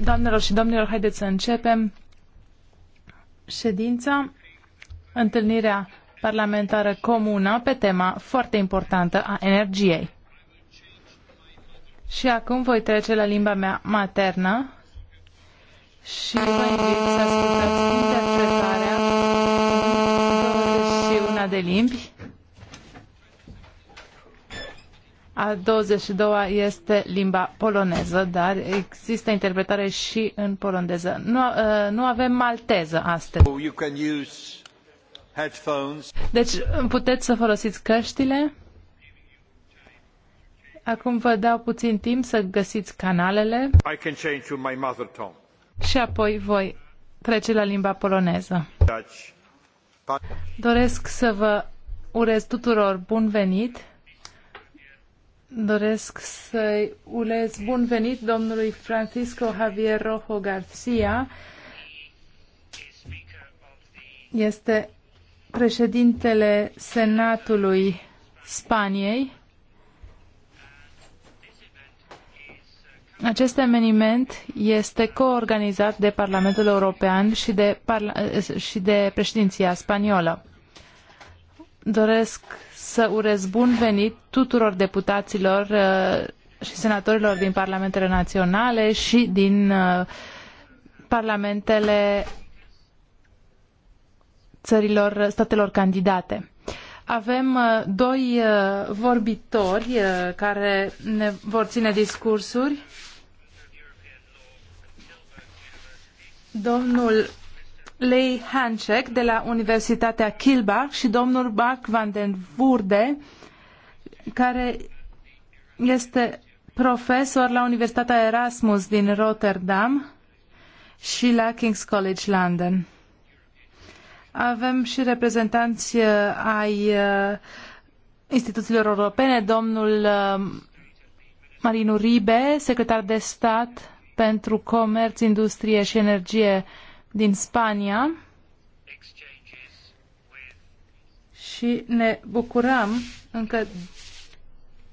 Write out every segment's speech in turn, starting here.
Doamnelor și domnilor, haideți să începem ședința, întâlnirea parlamentară comună pe tema foarte importantă a energiei. Și acum voi trece la limba mea maternă și vă invit să ascultați interpretarea în 21 de limbi. A 22-a este limba poloneză, dar există interpretare și în polondeză. Nu, uh, nu avem malteză astăzi. Oh, deci puteți să folosiți căștile. Acum vă dau puțin timp să găsiți canalele. I can change to my mother tongue. Și apoi voi trece la limba poloneză. Doresc să vă urez tuturor bun venit. Doresc să-i ulez bun venit domnului Francisco Javier Rojo Garcia. Este președintele Senatului Spaniei. Acest eveniment este coorganizat de Parlamentul European și de, parla- și de președinția spaniolă. Doresc să urez bun venit tuturor deputaților uh, și senatorilor din parlamentele naționale și din uh, parlamentele țărilor, statelor candidate. Avem uh, doi vorbitori care ne vor ține discursuri. Domnul Lei Hancek de la Universitatea Kilbach și domnul Mark van den Voorde, care este profesor la Universitatea Erasmus din Rotterdam și la King's College London. Avem și reprezentanți uh, ai uh, instituțiilor europene, domnul uh, Marinu Ribe, secretar de stat pentru comerț, industrie și energie din Spania și ne bucurăm încă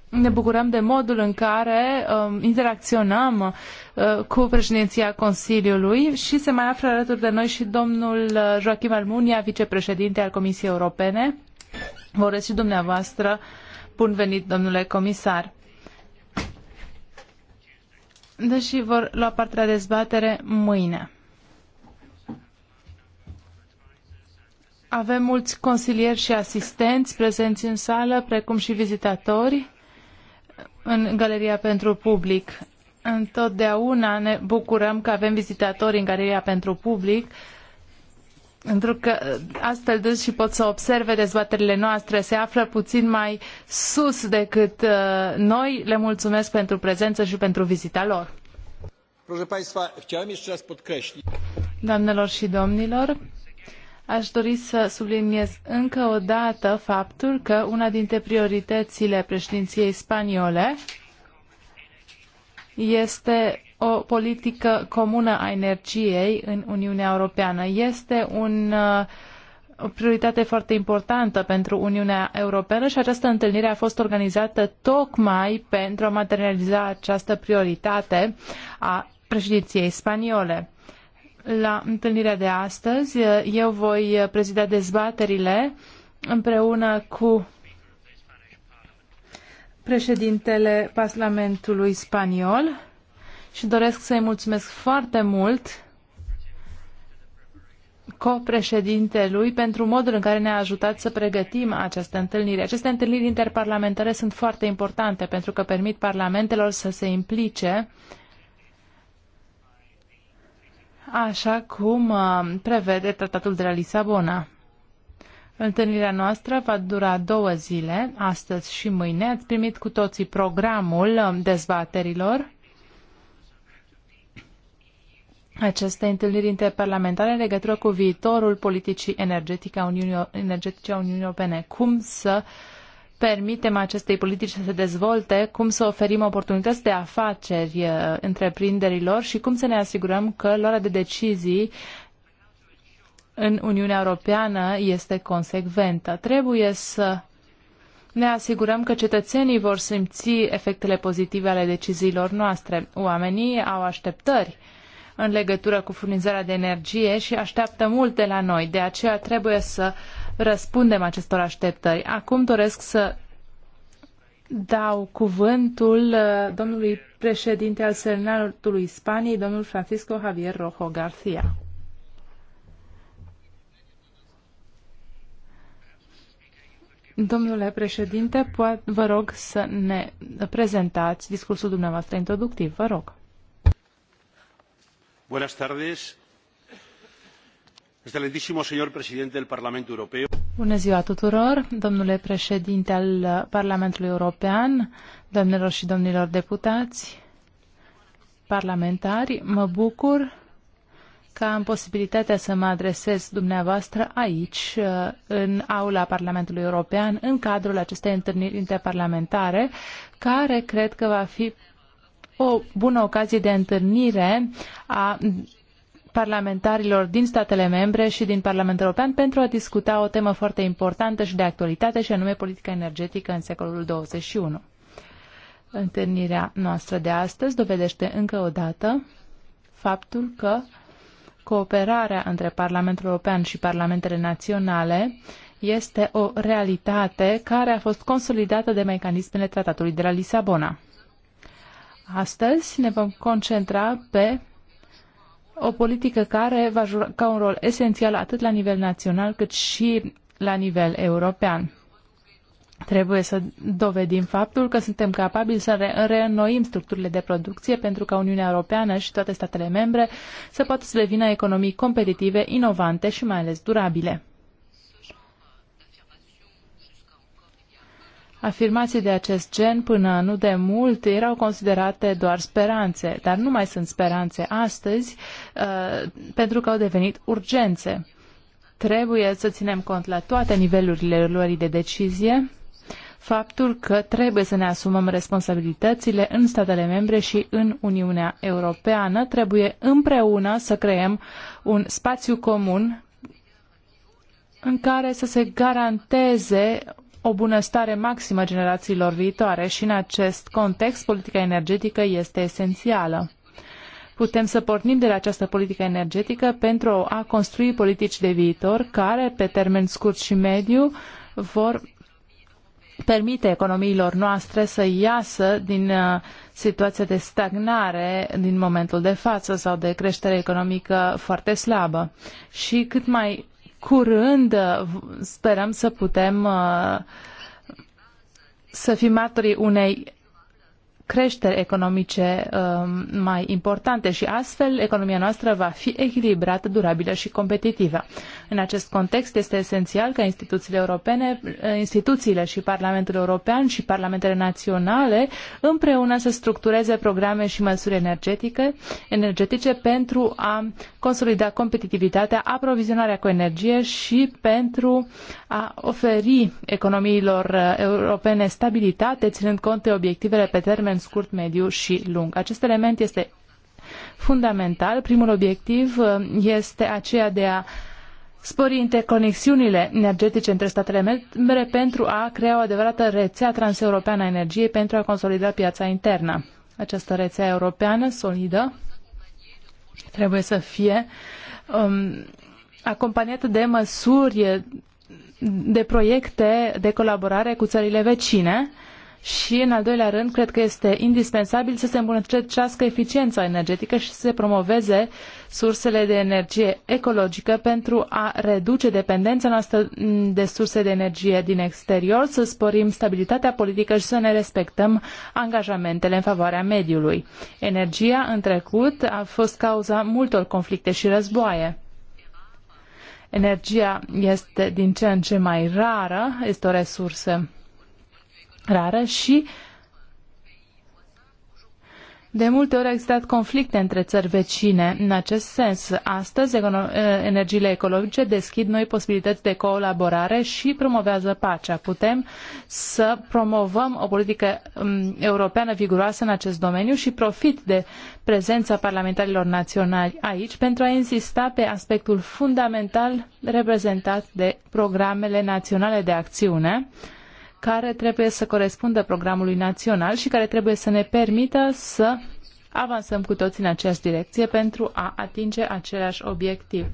ne bucurăm de modul în care um, interacționăm uh, cu președinția Consiliului și se mai află alături de noi și domnul uh, Joachim Almunia, vicepreședinte al Comisiei Europene. Vă urez și dumneavoastră bun venit, domnule comisar. Deși vor lua parte la dezbatere mâine. Avem mulți consilieri și asistenți prezenți în sală, precum și vizitatori în Galeria pentru Public. Întotdeauna ne bucurăm că avem vizitatori în Galeria pentru Public, pentru că uh, astfel dus și pot să observe dezbaterile noastre, se află puțin mai sus decât uh, noi. Le mulțumesc pentru prezență și pentru vizita lor. Doamnelor și domnilor, Aș dori să subliniez încă o dată faptul că una dintre prioritățile președinției spaniole este o politică comună a energiei în Uniunea Europeană. Este un, uh, o prioritate foarte importantă pentru Uniunea Europeană și această întâlnire a fost organizată tocmai pentru a materializa această prioritate a președinției spaniole la întâlnirea de astăzi. Eu voi prezida dezbaterile împreună cu președintele Parlamentului Spaniol și doresc să-i mulțumesc foarte mult copreședintelui pentru modul în care ne-a ajutat să pregătim această întâlnire. Aceste întâlniri interparlamentare sunt foarte importante pentru că permit parlamentelor să se implice așa cum uh, prevede tratatul de la Lisabona. Întâlnirea noastră va dura două zile, astăzi și mâine. Ați primit cu toții programul uh, dezbaterilor. Aceste întâlniri interparlamentare în legătură cu viitorul politicii energetice a Uniunii, energetice a Uniunii Europene. Cum să uh, permitem acestei politici să se dezvolte, cum să oferim oportunități de afaceri uh, întreprinderilor și cum să ne asigurăm că luarea de decizii în Uniunea Europeană este consecventă. Trebuie să ne asigurăm că cetățenii vor simți efectele pozitive ale deciziilor noastre. Oamenii au așteptări în legătură cu furnizarea de energie și așteaptă mult de la noi. De aceea trebuie să uh, răspundem acestor așteptări. Acum doresc să dau cuvântul uh, domnului președinte al Senatului Spaniei, domnul Francisco Javier Rojo García. Domnule președinte, vă rog să ne prezentați discursul dumneavoastră introductiv. Vă rog. Buenas tardes. Excelentísimo señor Bună ziua tuturor, domnule președinte al Parlamentului European, domnilor și domnilor deputați, parlamentari, mă bucur că am posibilitatea să mă adresez dumneavoastră aici, în aula Parlamentului European, în cadrul acestei întâlniri interparlamentare, care cred că va fi o bună ocazie de întâlnire a parlamentarilor din statele membre și din Parlamentul European pentru a discuta o temă foarte importantă și de actualitate și anume politica energetică în secolul 21. Întâlnirea noastră de astăzi dovedește încă o dată faptul că cooperarea între Parlamentul European și Parlamentele Naționale este o realitate care a fost consolidată de mecanismele Tratatului de la Lisabona. Astăzi ne vom concentra pe o politică care va juca un rol esențial atât la nivel național cât și la nivel european. Trebuie să dovedim faptul că suntem capabili să re- reînnoim structurile de producție pentru ca Uniunea Europeană și toate statele membre să poată să devină economii competitive, inovante și mai ales durabile. Afirmații de acest gen până nu de mult erau considerate doar speranțe, dar nu mai sunt speranțe astăzi uh, pentru că au devenit urgențe. Trebuie să ținem cont la toate nivelurile luării de decizie faptul că trebuie să ne asumăm responsabilitățile în statele membre și în Uniunea Europeană. Trebuie împreună să creăm un spațiu comun în care să se garanteze o bunăstare maximă generațiilor viitoare și în acest context politica energetică este esențială. Putem să pornim de la această politică energetică pentru a construi politici de viitor care, pe termen scurt și mediu, vor permite economiilor noastre să iasă din uh, situația de stagnare din momentul de față sau de creștere economică foarte slabă. Și cât mai curând uh, sperăm să putem uh, să fim martorii unei creșteri economice um, mai importante și astfel economia noastră va fi echilibrată, durabilă și competitivă. În acest context este esențial ca instituțiile europene, eh, instituțiile și Parlamentul European și Parlamentele naționale împreună să structureze programe și măsuri energetice, energetice pentru a consolida competitivitatea, aprovizionarea cu energie și pentru a oferi economiilor eh, europene stabilitate, ținând cont de obiectivele pe termen termen scurt, mediu și lung. Acest element este fundamental. Primul obiectiv uh, este aceea de a spori interconexiunile energetice între statele membre pentru a crea o adevărată rețea transeuropeană a energiei pentru a consolida piața internă. Această rețea europeană solidă trebuie să fie um, acompaniată de măsuri, de proiecte de colaborare cu țările vecine și, în al doilea rând, cred că este indispensabil să se îmbunătățească eficiența energetică și să se promoveze sursele de energie ecologică pentru a reduce dependența noastră mm, de surse de energie din exterior, să sporim stabilitatea politică și să ne respectăm angajamentele în favoarea mediului. Energia, în trecut, a fost cauza multor conflicte și războaie. Energia este din ce în ce mai rară, este o resursă rară și de multe ori au existat conflicte între țări vecine în acest sens. Astăzi, eh, energiile ecologice deschid noi posibilități de colaborare și promovează pacea. Putem să promovăm o politică mm, europeană viguroasă în acest domeniu și profit de prezența parlamentarilor naționali aici pentru a insista pe aspectul fundamental reprezentat de programele naționale de acțiune, care trebuie să corespundă programului național și care trebuie să ne permită să avansăm cu toți în aceeași direcție pentru a atinge același obiectiv.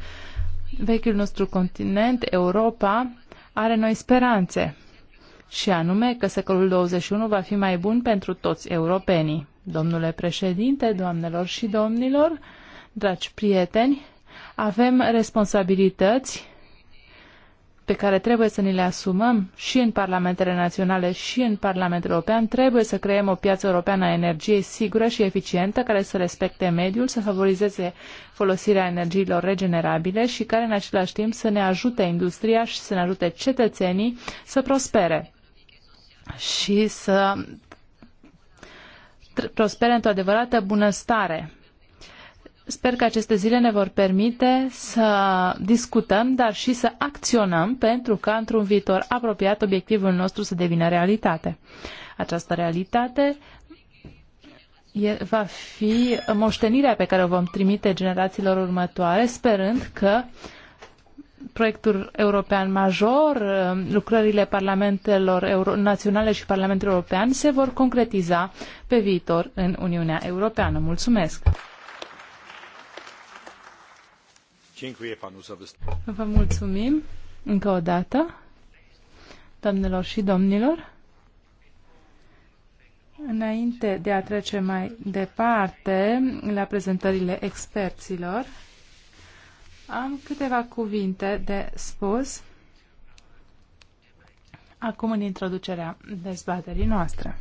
Vechiul nostru continent, Europa, are noi speranțe și anume că secolul 21 va fi mai bun pentru toți europenii. Domnule președinte, doamnelor și domnilor, dragi prieteni, avem responsabilități pe care trebuie să ni le asumăm și în parlamentele naționale și în Parlamentul European, trebuie să creăm o piață europeană a energiei sigură și eficientă, care să respecte mediul, să favorizeze folosirea energiilor regenerabile și care în același timp să ne ajute industria și să ne ajute cetățenii să prospere și să prospere într-o adevărată bunăstare Sper că aceste zile ne vor permite să discutăm, dar și să acționăm pentru ca într-un viitor apropiat obiectivul nostru să devină realitate. Această realitate va fi moștenirea pe care o vom trimite generațiilor următoare, sperând că proiectul european major, lucrările parlamentelor euro- naționale și Parlamentul European se vor concretiza pe viitor în Uniunea Europeană. Mulțumesc! Vă mulțumim încă o dată, doamnelor și domnilor. Înainte de a trece mai departe la prezentările experților, am câteva cuvinte de spus acum în introducerea dezbaterii noastre.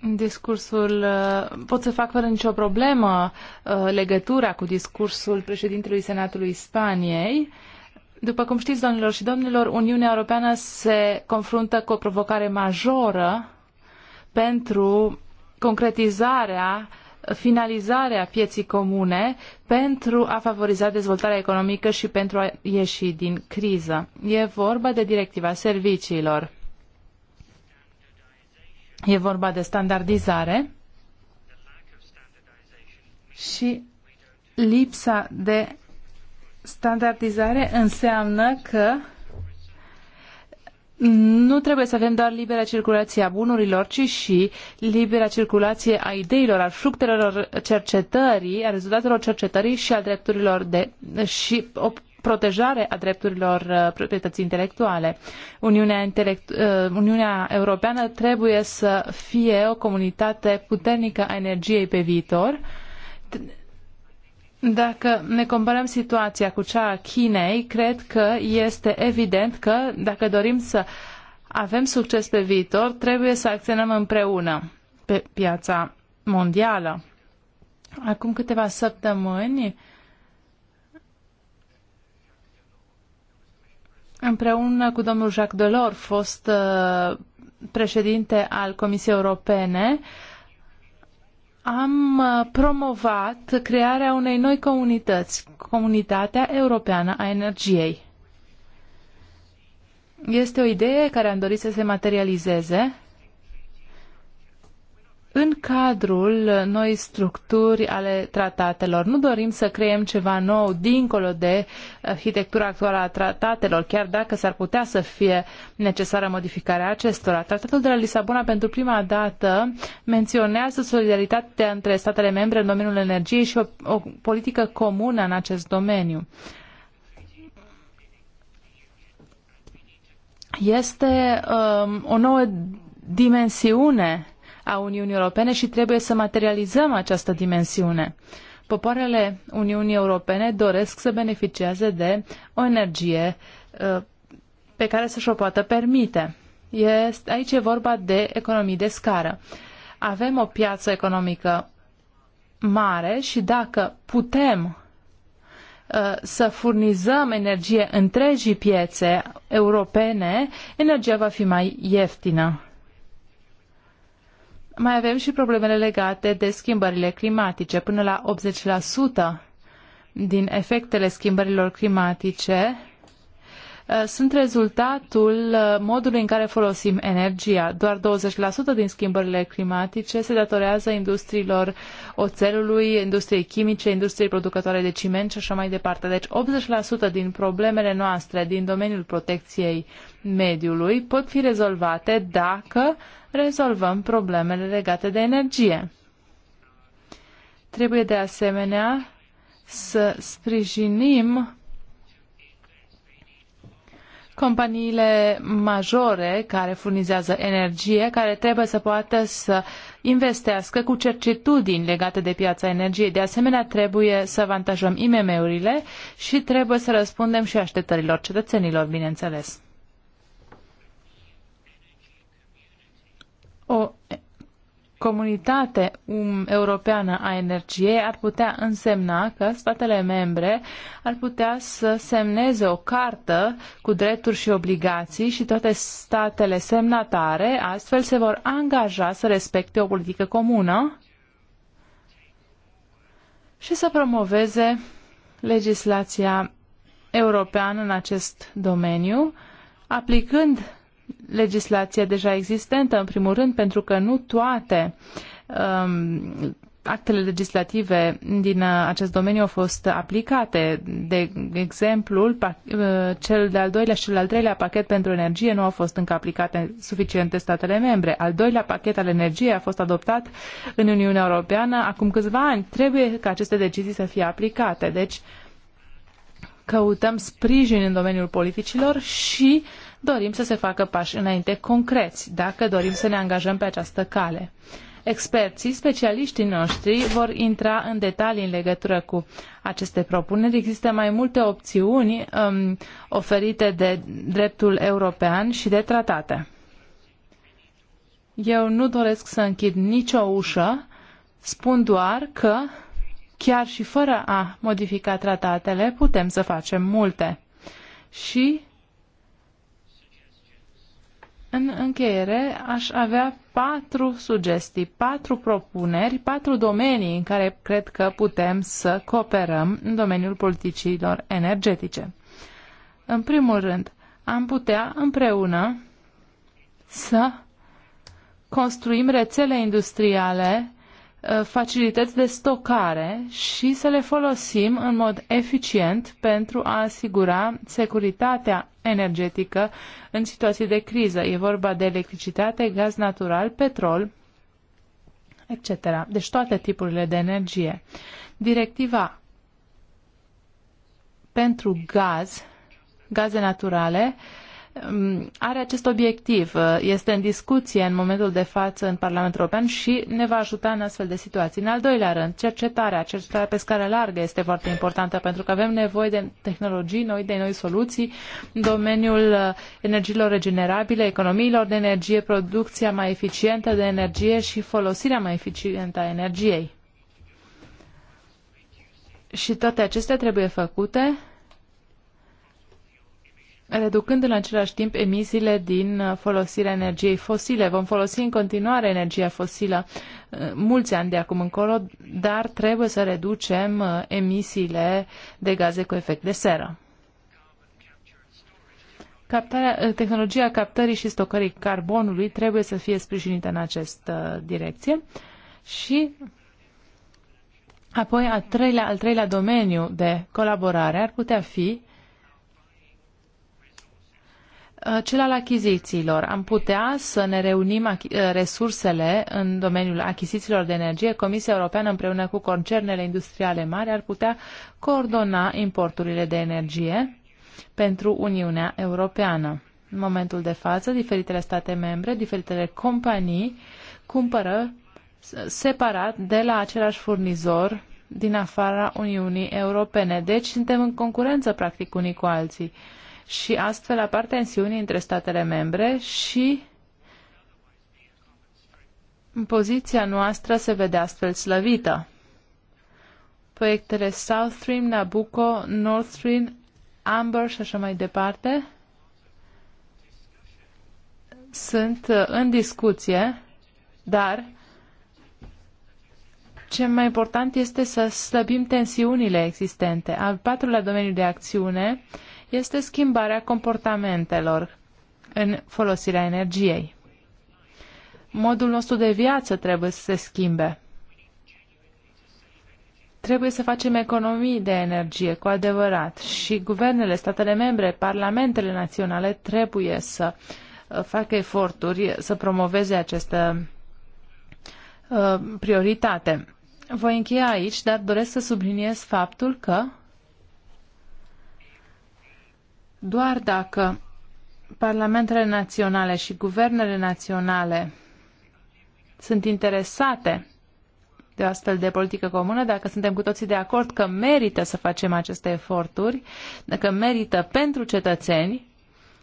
discursul, uh, pot să fac fără nicio problemă uh, legătura cu discursul președintelui Senatului Spaniei. După cum știți, domnilor și domnilor, Uniunea Europeană se confruntă cu o provocare majoră pentru concretizarea, finalizarea pieții comune, pentru a favoriza dezvoltarea economică și pentru a ieși din criză. E vorba de directiva serviciilor E vorba de standardizare și lipsa de standardizare înseamnă că nu trebuie să avem doar libera circulație a bunurilor, ci și libera circulație a ideilor, a fructelor cercetării, a rezultatelor cercetării și a drepturilor de și protejare a drepturilor uh, proprietății intelectuale. Uniunea, intelect, uh, Uniunea Europeană trebuie să fie o comunitate puternică a energiei pe viitor. Dacă ne comparăm situația cu cea a Chinei, cred că este evident că dacă dorim să avem succes pe viitor, trebuie să acționăm împreună pe piața mondială. Acum câteva săptămâni, împreună cu domnul Jacques Delors, fost uh, președinte al Comisiei Europene, am uh, promovat crearea unei noi comunități, Comunitatea Europeană a Energiei. Este o idee care am dorit să se materializeze în cadrul noi structuri ale tratatelor. Nu dorim să creăm ceva nou dincolo de arhitectura actuală a tratatelor, chiar dacă s-ar putea să fie necesară modificarea acestora. Tratatul de la Lisabona pentru prima dată menționează solidaritatea între statele membre în domeniul energiei și o, o politică comună în acest domeniu. Este um, o nouă dimensiune a Uniunii Europene și trebuie să materializăm această dimensiune. Popoarele Uniunii Europene doresc să beneficieze de o energie uh, pe care să-și o poată permite. Este, aici e vorba de economii de scară. Avem o piață economică mare și dacă putem uh, să furnizăm energie întregii piețe europene, energia va fi mai ieftină mai avem și problemele legate de schimbările climatice. Până la 80% din efectele schimbărilor climatice uh, sunt rezultatul uh, modului în care folosim energia. Doar 20% din schimbările climatice se datorează industriilor oțelului, industriei chimice, industriei producătoare de ciment și așa mai departe. Deci 80% din problemele noastre din domeniul protecției uh, mediului pot fi rezolvate dacă rezolvăm problemele legate de energie. Trebuie de asemenea să sprijinim companiile majore care furnizează energie, care trebuie să poată să investească cu certitudini legate de piața energiei. De asemenea, trebuie să avantajăm IMM-urile și trebuie să răspundem și așteptărilor cetățenilor, bineînțeles. O comunitate um, europeană a energiei ar putea însemna că statele membre ar putea să semneze o cartă cu drepturi și obligații și toate statele semnatare astfel se vor angaja să respecte o politică comună și să promoveze legislația europeană în acest domeniu, aplicând legislația deja existentă, în primul rând, pentru că nu toate um, actele legislative din uh, acest domeniu au fost aplicate. De exemplu, uh, cel de-al doilea și cel al treilea pachet pentru energie nu au fost încă aplicate suficiente statele membre. Al doilea pachet al energiei a fost adoptat în Uniunea Europeană acum câțiva ani. Trebuie ca aceste decizii să fie aplicate. Deci, căutăm sprijin în domeniul politicilor și uh, dorim să se facă pași înainte concreți, dacă dorim să ne angajăm pe această cale. Experții, specialiștii noștri vor intra în detalii în legătură cu aceste propuneri. Există mai multe opțiuni um, oferite de dreptul european și de tratate. Eu nu doresc să închid nicio ușă, spun doar că, chiar și fără a modifica tratatele, putem să facem multe. Și în încheiere, aș avea patru sugestii, patru propuneri, patru domenii în care cred că putem să cooperăm în domeniul politicilor energetice. În primul rând, am putea împreună să construim rețele industriale, ă, facilități de stocare și să le folosim în mod eficient pentru a asigura securitatea energetică în situații de criză. E vorba de electricitate, gaz natural, petrol, etc. Deci toate tipurile de energie. Directiva pentru gaz, gaze naturale, uh, are acest obiectiv, uh, este în discuție în momentul de față în Parlamentul European și ne va ajuta în astfel de situații. În al doilea rând, cercetarea, cercetarea pe scară largă este foarte importantă pentru că avem nevoie de tehnologii noi, de noi soluții în domeniul uh, energiilor regenerabile, economiilor de energie, producția mai eficientă de energie și folosirea mai eficientă a energiei. Și toate acestea trebuie făcute reducând în același timp emisiile din uh, folosirea energiei fosile. Vom folosi în continuare energia fosilă uh, mulți ani de acum încolo, dar trebuie să reducem uh, emisiile de gaze cu efect de seră. Captarea, tehnologia captării și stocării carbonului trebuie să fie sprijinită în această direcție și apoi al treilea, al treilea domeniu de colaborare ar putea fi Uh, cel al achizițiilor. Am putea să ne reunim uh, resursele în domeniul achizițiilor de energie. Comisia Europeană împreună cu concernele industriale mari ar putea coordona importurile de energie pentru Uniunea Europeană. În momentul de față, diferitele state membre, diferitele companii cumpără separat de la același furnizor din afara Uniunii Europene. Deci suntem în concurență practic unii cu alții. Uh, și astfel apar tensiuni între statele membre și poziția noastră se vede astfel slăvită. Proiectele South Stream, Nabucco, North Stream, Amber și așa mai departe sunt uh, în discuție, dar ce mai important este să slăbim tensiunile existente. Al patrulea domeniu de acțiune este schimbarea comportamentelor în folosirea energiei. Modul nostru de viață trebuie să se schimbe. Trebuie să facem economii de energie cu adevărat și guvernele, statele membre, parlamentele naționale trebuie să uh, facă eforturi să promoveze această uh, prioritate. Voi încheia aici, dar doresc să subliniez faptul că doar dacă parlamentele naționale și guvernele naționale sunt interesate de o astfel de politică comună, dacă suntem cu toții de acord că merită să facem aceste eforturi, dacă merită pentru cetățeni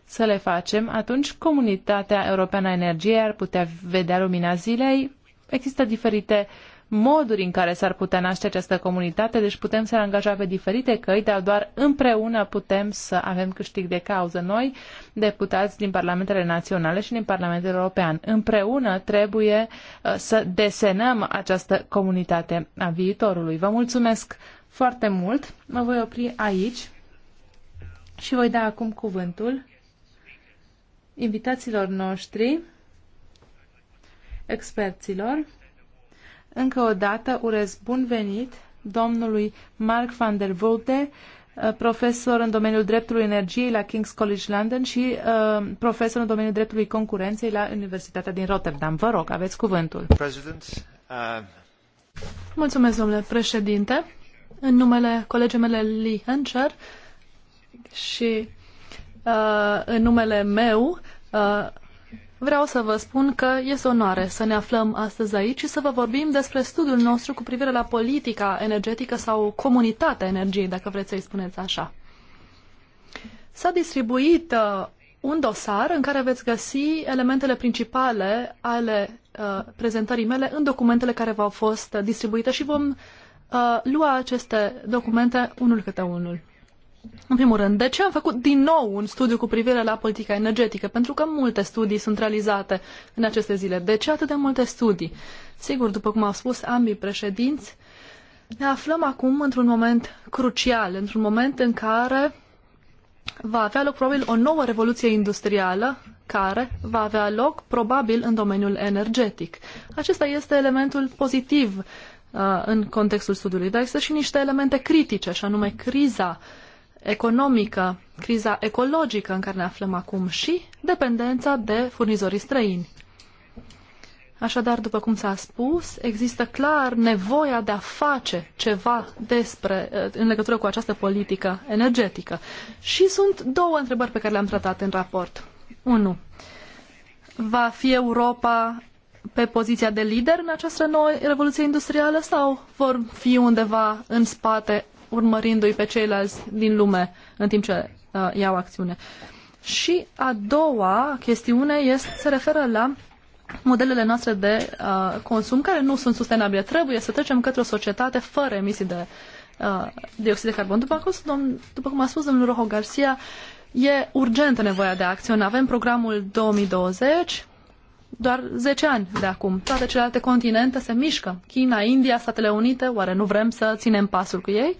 să le facem, atunci comunitatea europeană a energiei ar putea vedea lumina zilei. Există diferite moduri în care s-ar putea naște această comunitate, deci putem să ne angajăm pe diferite căi, dar doar împreună putem să avem câștig de cauză noi, deputați din parlamentele naționale și din Parlamentul European. Împreună trebuie uh, să desenăm această comunitate a viitorului. Vă mulțumesc foarte mult. Mă voi opri aici și voi da acum cuvântul invitaților noștri, experților. Încă o dată urez bun venit domnului Mark van der Vulte, uh, profesor în domeniul dreptului energiei la King's College London și uh, profesor în domeniul dreptului concurenței la Universitatea din Rotterdam. Vă rog, aveți cuvântul. Uh... Mulțumesc, domnule președinte. În numele colegii mele Lee Hancher și uh, în numele meu uh, Vreau să vă spun că este onoare să ne aflăm astăzi aici și să vă vorbim despre studiul nostru cu privire la politica energetică sau comunitatea energiei, dacă vreți să-i spuneți așa. S-a distribuit uh, un dosar în care veți găsi elementele principale ale uh, prezentării mele în documentele care v-au fost distribuite și vom uh, lua aceste documente unul câte unul. În primul rând, de ce am făcut din nou un studiu cu privire la politica energetică? Pentru că multe studii sunt realizate în aceste zile. De ce atât de multe studii? Sigur, după cum au spus ambii președinți, ne aflăm acum într-un moment crucial, într-un moment în care va avea loc probabil o nouă revoluție industrială care va avea loc probabil în domeniul energetic. Acesta este elementul pozitiv uh, în contextul studiului, dar există și niște elemente critice, și anume criza uh, economică, criza ecologică în care ne aflăm acum și dependența de furnizorii străini. Așadar, după cum s-a spus, există clar nevoia de a face ceva despre, eh, în legătură cu această politică energetică. Și sunt două întrebări pe care le-am tratat în raport. 1. Va fi Europa pe poziția de lider în această nouă revoluție industrială sau vor fi undeva în spate urmărindu-i pe ceilalți din lume în timp ce uh, iau acțiune. Și a doua chestiune este, se referă la modelele noastre de uh, consum care nu sunt sustenabile. Trebuie să trecem către o societate fără emisii de uh, dioxid de carbon. După cum, domn, după cum a spus domnul Rojo Garcia, e urgentă nevoia de acțiune. Avem programul 2020 doar 10 ani de acum. Toate celelalte continente se mișcă. China, India, Statele Unite, oare nu vrem să ținem pasul cu ei?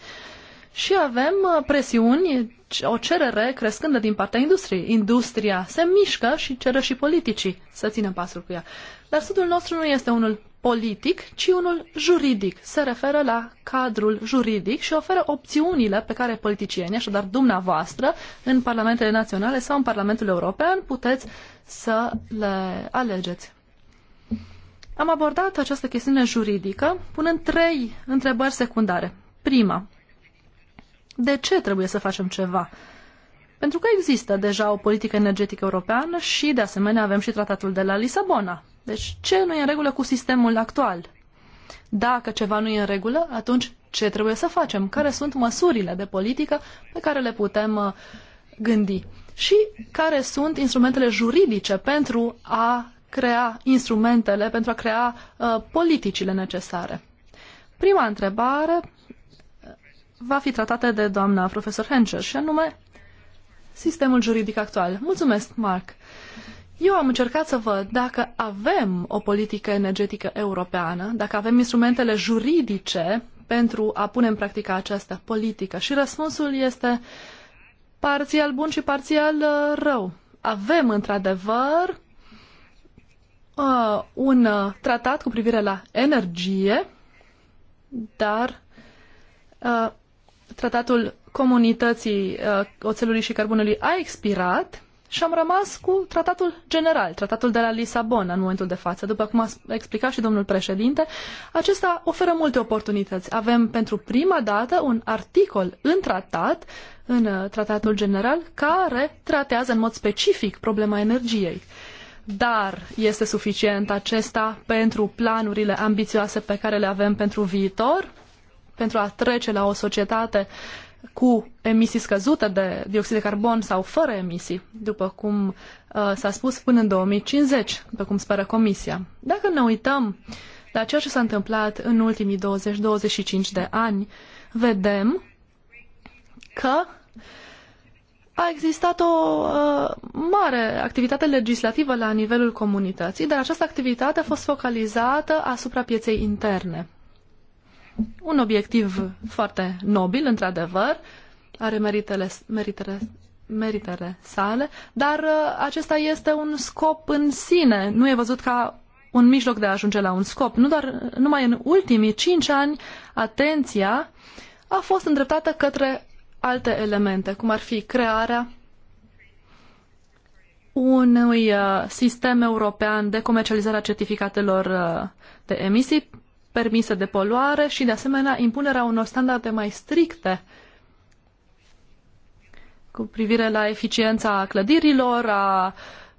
Și avem uh, presiuni, o cerere crescândă din partea industriei. Industria se mișcă și ceră și politicii să ținem pasul cu ea. Dar sudul nostru nu este unul politic, ci unul juridic. Se referă la cadrul juridic și oferă opțiunile pe care politicienii, așadar dumneavoastră, în parlamentele naționale sau în Parlamentul European, puteți să le alegeți. Am abordat această chestiune juridică punând trei întrebări secundare. Prima, de ce trebuie să facem ceva? Pentru că există deja o politică energetică europeană și, de asemenea, avem și tratatul de la Lisabona, deci ce nu e în regulă cu sistemul actual? Dacă ceva nu e în regulă, atunci ce trebuie să facem? Care sunt măsurile de politică pe care le putem uh, gândi? Și care sunt instrumentele juridice pentru a crea instrumentele, pentru a crea uh, politicile necesare? Prima întrebare uh, va fi tratată de doamna profesor Hencher și anume sistemul juridic actual. Mulțumesc, Mark! Uh, eu am încercat să văd dacă avem o politică energetică europeană, dacă avem instrumentele juridice pentru a pune în practică această politică. Și răspunsul este parțial bun și parțial uh, rău. Avem, într-adevăr, uh, un uh, tratat cu privire la energie, dar tratatul comunității oțelului și cărbunului a expirat și am rămas cu tratatul general, tratatul de la Lisabona în momentul de față. După cum a explicat și domnul președinte, acesta oferă multe oportunități. Avem pentru prima dată un articol în tratat, în uh, tratatul general, care tratează în mod specific problema energiei. Dar este suficient acesta pentru planurile ambițioase pe care le avem pentru viitor, pentru a trece la o societate uh, cu emisii scăzute de dioxid de carbon sau fără emisii, după cum uh, s-a spus până în 2050, după cum speră Comisia. Dacă ne uităm la ceea ce s-a întâmplat în ultimii 20-25 de ani, vedem că a existat o uh, mare activitate legislativă la nivelul comunității, dar această activitate a fost focalizată asupra pieței interne. Un obiectiv foarte nobil, într-adevăr, are meritele, meritele, meritele sale, dar uh, acesta este un scop în sine. Nu e văzut ca un mijloc de a ajunge la un scop. Nu doar, numai în ultimii cinci ani, atenția a fost îndreptată către alte elemente, cum ar fi crearea unui uh, sistem european de comercializare a certificatelor uh, de emisii permise de poluare și, de asemenea, impunerea unor standarde mai stricte cu privire la eficiența clădirilor, a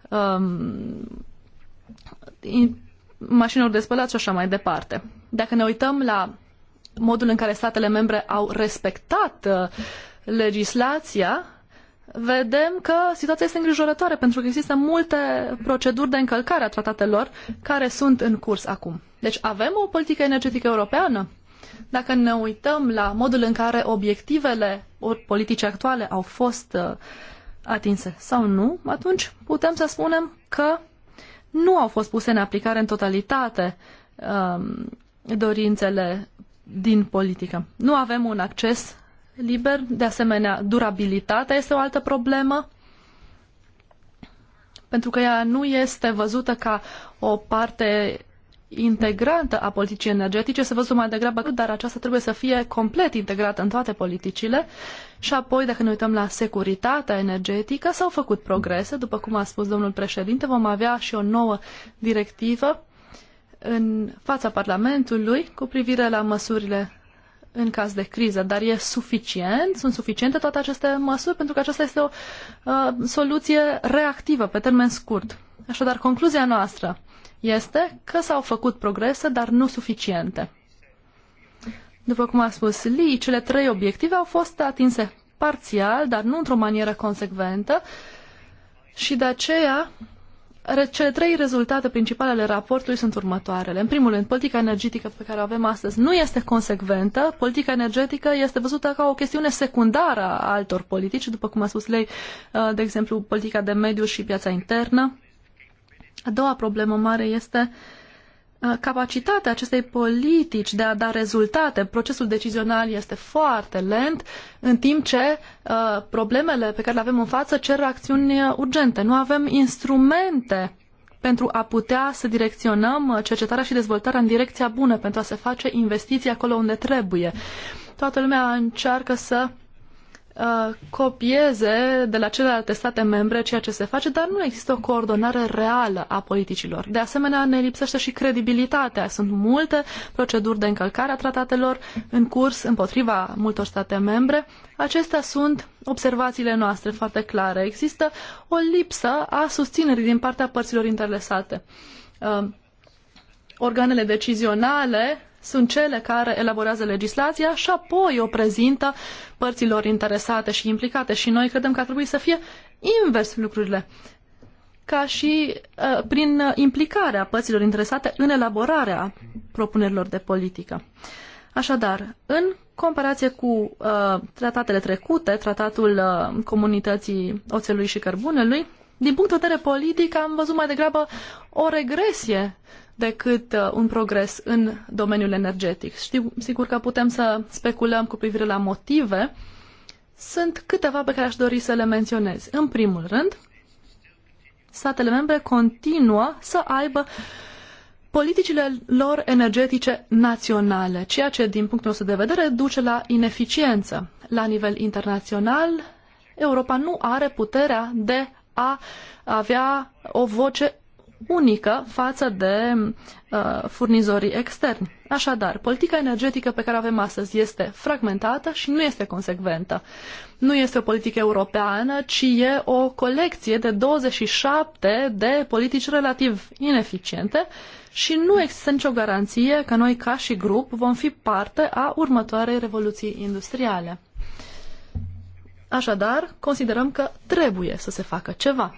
um, mașinilor de spălat și așa mai departe. Dacă ne uităm la modul în care statele membre au respectat uh, legislația, vedem că situația este îngrijorătoare pentru că există multe proceduri de încălcare a tratatelor care sunt în curs acum. Deci avem o politică energetică europeană? Dacă ne uităm la modul în care obiectivele politice actuale au fost uh, atinse sau nu, atunci putem să spunem că nu au fost puse în aplicare în totalitate um, dorințele din politică. Nu avem un acces liber. De asemenea, durabilitatea este o altă problemă, pentru că ea nu este văzută ca o parte integrantă a politicii energetice, se văzut mai degrabă, dar aceasta trebuie să fie complet integrată în toate politicile. Și apoi, dacă ne uităm la securitatea energetică, s-au făcut progrese, după cum a spus domnul președinte, vom avea și o nouă directivă în fața Parlamentului cu privire la măsurile în caz de criză, dar e suficient, sunt suficiente toate aceste măsuri pentru că aceasta este o uh, soluție reactivă pe termen scurt. Așadar, concluzia noastră este că s-au făcut progrese, dar nu suficiente. După cum a spus Lee, cele trei obiective au fost atinse parțial, dar nu într-o manieră consecventă și de aceea cele trei rezultate principale ale raportului sunt următoarele. În primul rând, politica energetică pe care o avem astăzi nu este consecventă. Politica energetică este văzută ca o chestiune secundară a altor politici, după cum a spus lei, uh, de exemplu, politica de mediu și piața internă. A doua problemă mare este uh, Uh, capacitatea acestei politici de a da rezultate, procesul decizional este foarte lent, în timp ce uh, problemele pe care le avem în față cer acțiuni urgente. Nu avem instrumente pentru a putea să direcționăm uh, cercetarea și dezvoltarea în direcția bună, pentru a se face investiții acolo unde trebuie. Toată lumea încearcă să uh, Uh, copieze de la celelalte state membre ceea ce se face, dar nu există o coordonare reală a politicilor. De asemenea, ne lipsește și credibilitatea. Sunt multe proceduri de încălcare a tratatelor în curs împotriva multor state membre. Acestea sunt observațiile noastre foarte clare. Există o lipsă a susținerii din partea părților interesate. Uh, organele decizionale sunt cele care elaborează legislația și apoi o prezintă părților interesate și implicate. Și noi credem că ar trebui să fie invers lucrurile ca și uh, prin implicarea părților interesate în elaborarea propunerilor de politică. Așadar, în comparație cu uh, tratatele trecute, tratatul uh, comunității oțelului și cărbunelui, din punct de vedere politic am văzut mai degrabă o regresie decât uh, un progres în domeniul energetic. Știu sigur că putem să speculăm cu privire la motive. Sunt câteva pe care aș dori să le menționez. În primul rând, statele membre continuă să aibă politicile lor energetice naționale, ceea ce, din punctul nostru de vedere, duce la ineficiență. La nivel internațional, Europa nu are puterea de a avea o voce unică față de uh, furnizorii externi. Așadar, politica energetică pe care o avem astăzi este fragmentată și nu este consecventă. Nu este o politică europeană, ci e o colecție de 27 de politici relativ ineficiente și nu există nicio garanție că noi, ca și grup, vom fi parte a următoarei revoluții industriale. Așadar, considerăm că trebuie să se facă ceva.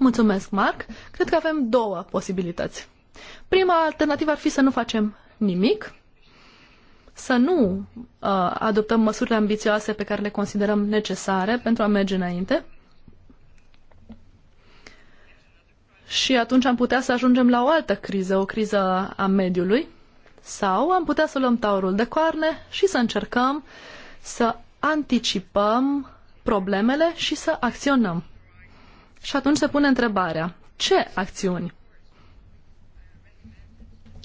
Mulțumesc, Marc. Cred că avem două posibilități. Prima alternativă ar fi să nu facem nimic, să nu uh, adoptăm măsurile ambițioase pe care le considerăm necesare pentru a merge înainte. Și atunci am putea să ajungem la o altă criză, o criză a mediului, sau am putea să luăm taurul de coarne și să încercăm să anticipăm problemele și să acționăm. Și atunci se pune întrebarea, ce acțiuni?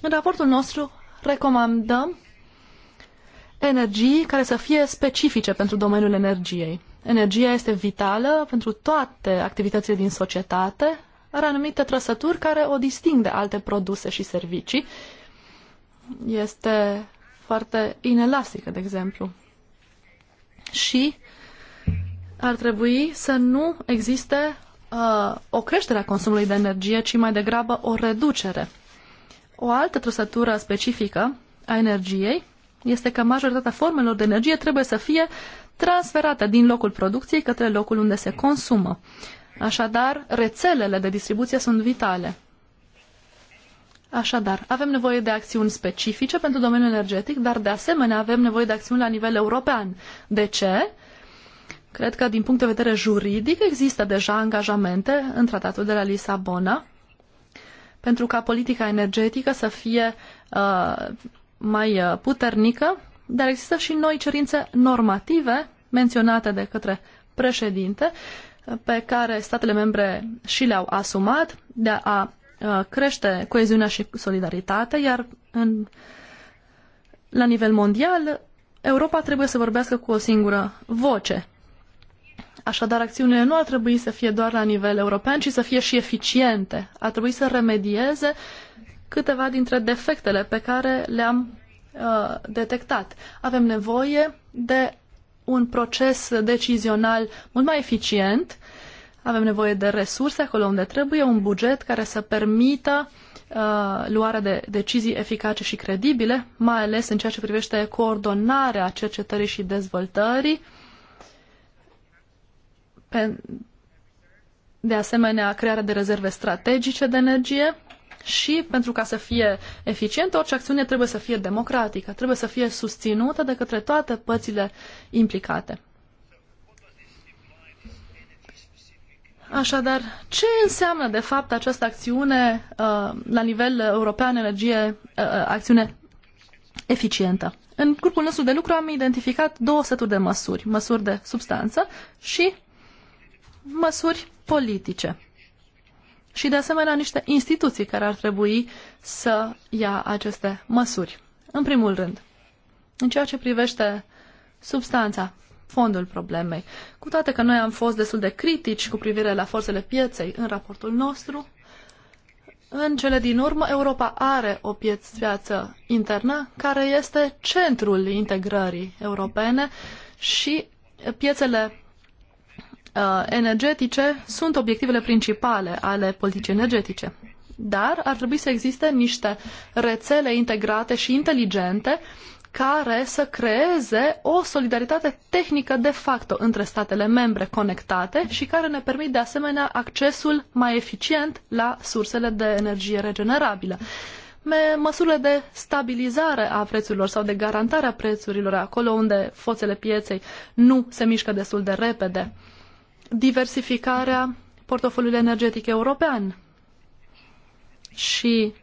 În raportul nostru recomandăm energii care să fie specifice pentru domeniul energiei. Energia este vitală pentru toate activitățile din societate, are anumite trăsături care o disting de alte produse și servicii. Este foarte inelastică, de exemplu. Și ar trebui să nu existe uh, o creștere a consumului de energie, ci mai degrabă o reducere. O altă trăsătură specifică a energiei este că majoritatea formelor de energie trebuie să fie transferată din locul producției către locul unde se consumă. Așadar, rețelele de distribuție sunt vitale. Așadar, avem nevoie de acțiuni specifice pentru domeniul energetic, dar de asemenea avem nevoie de acțiuni la nivel european. De ce? Cred că din punct de vedere juridic există deja angajamente în tratatul de la Lisabona pentru ca politica energetică să fie uh, mai uh, puternică, dar există și noi cerințe normative menționate de către președinte uh, pe care statele membre și le-au asumat de a uh, crește coeziunea și solidaritatea, iar în, la nivel mondial Europa trebuie să vorbească cu o singură voce Așadar, acțiunile nu ar trebui să fie doar la nivel european, ci să fie și eficiente. Ar trebui să remedieze câteva dintre defectele pe care le-am uh, detectat. Avem nevoie de un proces decizional mult mai eficient, avem nevoie de resurse acolo unde trebuie, un buget care să permită uh, luarea de decizii eficace și credibile, mai ales în ceea ce privește coordonarea cercetării și dezvoltării, de asemenea crearea de rezerve strategice de energie și pentru ca să fie eficientă, orice acțiune trebuie să fie democratică, trebuie să fie susținută de către toate părțile implicate. Așadar, ce înseamnă de fapt această acțiune uh, la nivel european, energie, uh, uh, acțiune eficientă? În grupul nostru de lucru am identificat două seturi de măsuri, măsuri de substanță și măsuri politice și, de asemenea, niște instituții care ar trebui să ia aceste măsuri. În primul rând, în ceea ce privește substanța, fondul problemei, cu toate că noi am fost destul de critici cu privire la forțele pieței în raportul nostru, în cele din urmă, Europa are o piață internă care este centrul integrării europene și piețele Uh, energetice sunt obiectivele principale ale politicii energetice. Dar ar trebui să existe niște rețele integrate și inteligente care să creeze o solidaritate tehnică de facto între statele membre conectate și care ne permit de asemenea accesul mai eficient la sursele de energie regenerabilă. Măsurile de stabilizare a prețurilor sau de garantare a prețurilor acolo unde foțele pieței nu se mișcă destul de repede diversificarea portofoliului energetic european și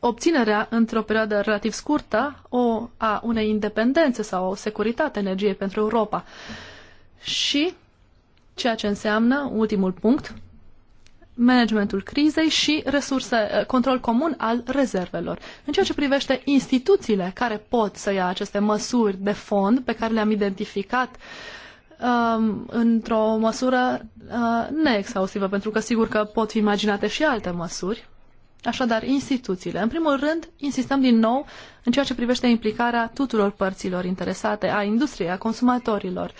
obținerea într-o perioadă relativ scurtă o, a unei independențe sau o securitate energiei pentru Europa. Și ceea ce înseamnă, ultimul punct, managementul crizei și resurse, control comun al rezervelor. În ceea ce privește instituțiile care pot să ia aceste măsuri de fond pe care le-am identificat uh, um, într-o măsură uh, neexhaustivă, pentru că sigur că pot fi imaginate și alte măsuri. Așadar, instituțiile. În primul rând, insistăm din nou în ceea ce privește implicarea tuturor părților interesate, a industriei, a consumatorilor.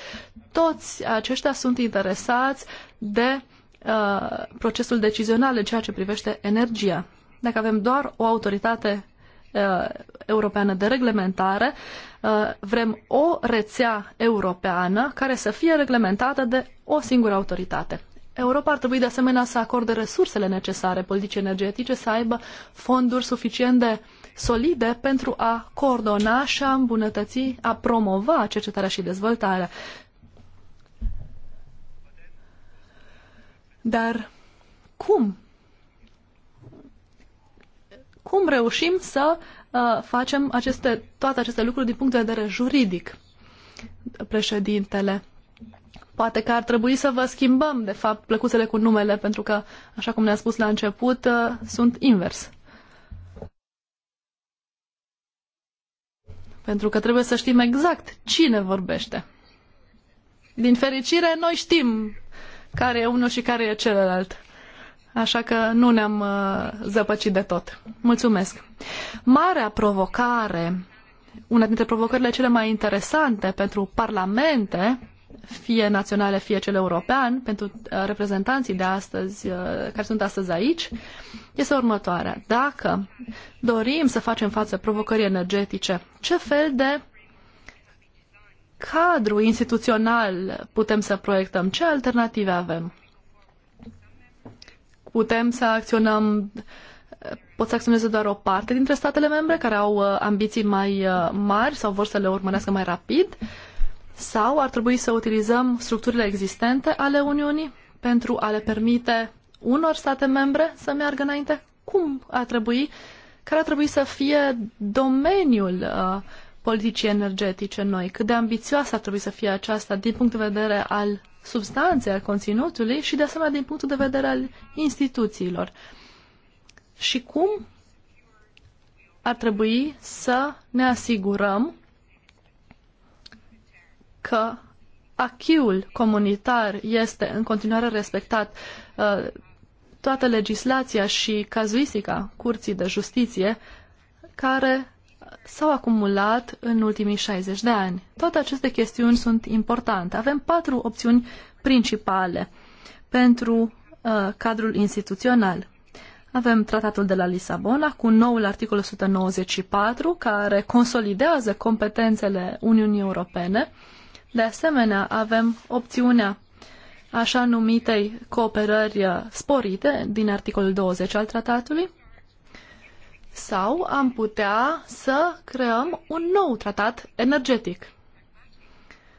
Toți aceștia sunt interesați de uh, procesul decizional în ceea ce privește energia. Dacă avem doar o autoritate Uh, europeană de Reglementare, uh, vrem o rețea europeană care să fie reglementată de o singură autoritate. Europa ar trebui de asemenea să acorde resursele necesare politicii energetice, să aibă fonduri suficient de solide pentru a coordona și a îmbunătăți, a promova cercetarea și dezvoltarea. Dar cum cum reușim să uh, facem aceste, toate aceste lucruri din punct de vedere juridic, președintele. Poate că ar trebui să vă schimbăm, de fapt, plăcuțele cu numele, pentru că, așa cum ne-a spus la început, uh, sunt invers. Pentru că trebuie să știm exact cine vorbește. Din fericire, noi știm care e unul și care e celălalt așa că nu ne-am uh, zăpăcit de tot. Mulțumesc! Marea provocare, una dintre provocările cele mai interesante pentru parlamente, fie naționale, fie cel european, pentru uh, reprezentanții de astăzi, uh, care sunt astăzi aici, este următoarea. Dacă dorim să facem față provocării energetice, ce fel de cadru instituțional putem să proiectăm? Ce alternative avem? putem să acționăm, pot să acționeze doar o parte dintre statele membre care au uh, ambiții mai uh, mari sau vor să le urmărească mai rapid, sau ar trebui să utilizăm structurile existente ale Uniunii pentru a le permite unor state membre să meargă înainte? Cum ar trebui? Care ar trebui să fie domeniul uh, politicii energetice noi, cât de ambițioasă ar trebui să fie aceasta din punct de vedere al substanței, al conținutului și de asemenea din punctul de vedere al instituțiilor. Și cum ar trebui să ne asigurăm că achiul comunitar este în continuare respectat uh, toată legislația și cazuistica Curții de Justiție care s-au acumulat în ultimii 60 de ani. Toate aceste chestiuni sunt importante. Avem patru opțiuni principale pentru uh, cadrul instituțional. Avem tratatul de la Lisabona cu noul articol 194 care consolidează competențele Uniunii Europene. De asemenea, avem opțiunea așa numitei cooperări uh, sporite din articolul 20 al tratatului sau am putea să creăm un nou tratat energetic.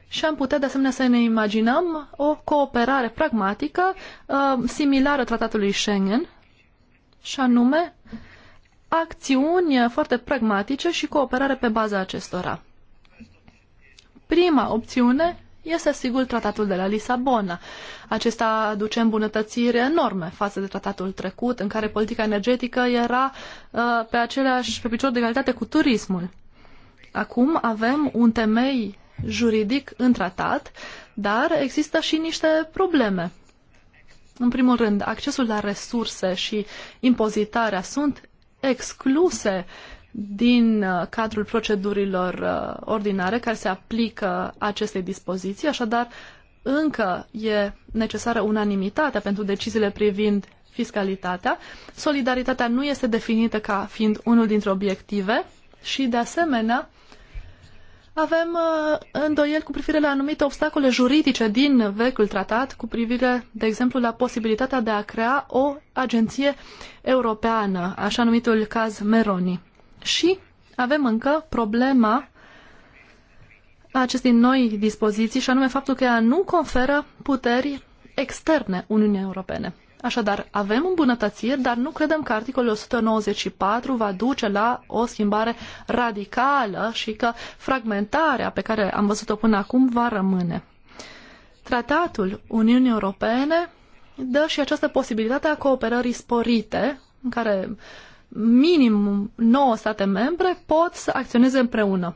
Și am putea de asemenea să ne imaginăm o cooperare pragmatică uh, similară tratatului Schengen, și anume acțiuni foarte pragmatice și cooperare pe baza acestora. Prima opțiune este, sigur, tratatul de la Lisabona. Acesta aduce îmbunătățiri enorme față de tratatul trecut, în care politica energetică era uh, pe aceleași, pe picior de egalitate cu turismul. Acum avem un temei juridic în tratat, dar există și niște probleme. În primul rând, accesul la resurse și impozitarea sunt excluse uh, din uh, cadrul procedurilor uh, ordinare care se aplică acestei dispoziții, așadar încă e necesară unanimitatea pentru deciziile privind fiscalitatea. Solidaritatea nu este definită ca fiind unul dintre obiective și, de asemenea, avem uh, îndoieli cu privire la anumite obstacole juridice din vechiul tratat, cu privire, de exemplu, la posibilitatea de a crea o agenție europeană, așa numitul caz Meroni. Și avem încă problema acestei noi dispoziții și anume faptul că ea nu conferă puteri externe Uniunii Europene. Așadar avem îmbunătățiri, dar nu credem că articolul 194 va duce la o schimbare radicală și că fragmentarea pe care am văzut-o până acum va rămâne. Tratatul Uniunii Europene dă și această posibilitate a cooperării sporite, în care minim 9 state membre pot să acționeze împreună.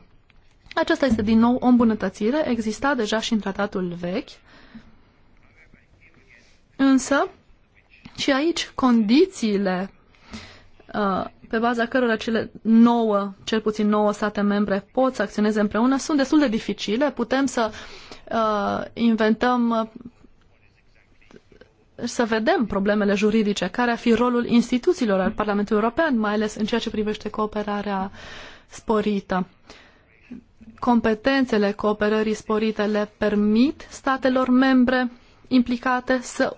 Aceasta este din nou o îmbunătățire, exista deja și în tratatul vechi, însă și aici condițiile uh, pe baza cărora cele nouă, cel puțin nouă state membre pot să acționeze împreună, sunt destul de dificile. Putem să uh, inventăm să vedem problemele juridice, care ar fi rolul instituțiilor al Parlamentului European, mai ales în ceea ce privește cooperarea sporită. Competențele cooperării sporite le permit statelor membre implicate să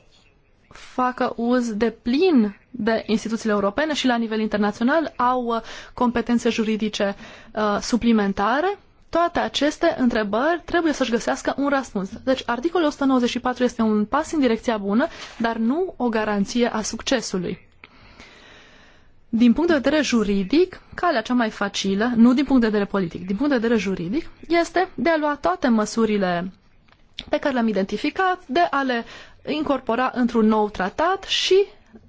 facă uz de plin de instituțiile europene și la nivel internațional au uh, competențe juridice uh, suplimentare toate aceste întrebări trebuie să-și găsească un răspuns. Deci articolul 194 este un pas în direcția bună, dar nu o garanție a succesului. Din punct de vedere juridic, calea cea mai facilă, nu din punct de vedere politic, din punct de vedere juridic, este de a lua toate măsurile pe care le-am identificat, de a le incorpora într-un nou tratat și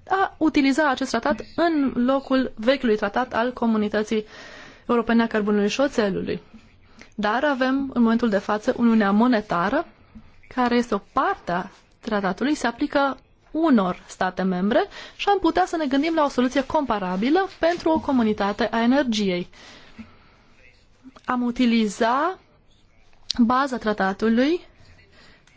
a utiliza acest tratat în locul vechiului tratat al comunității europene a carbonului și oțelului. Dar avem în momentul de față Uniunea Monetară, care este o parte a tratatului, se aplică unor state membre și am putea să ne gândim la o soluție comparabilă pentru o comunitate a energiei. Am utiliza baza tratatului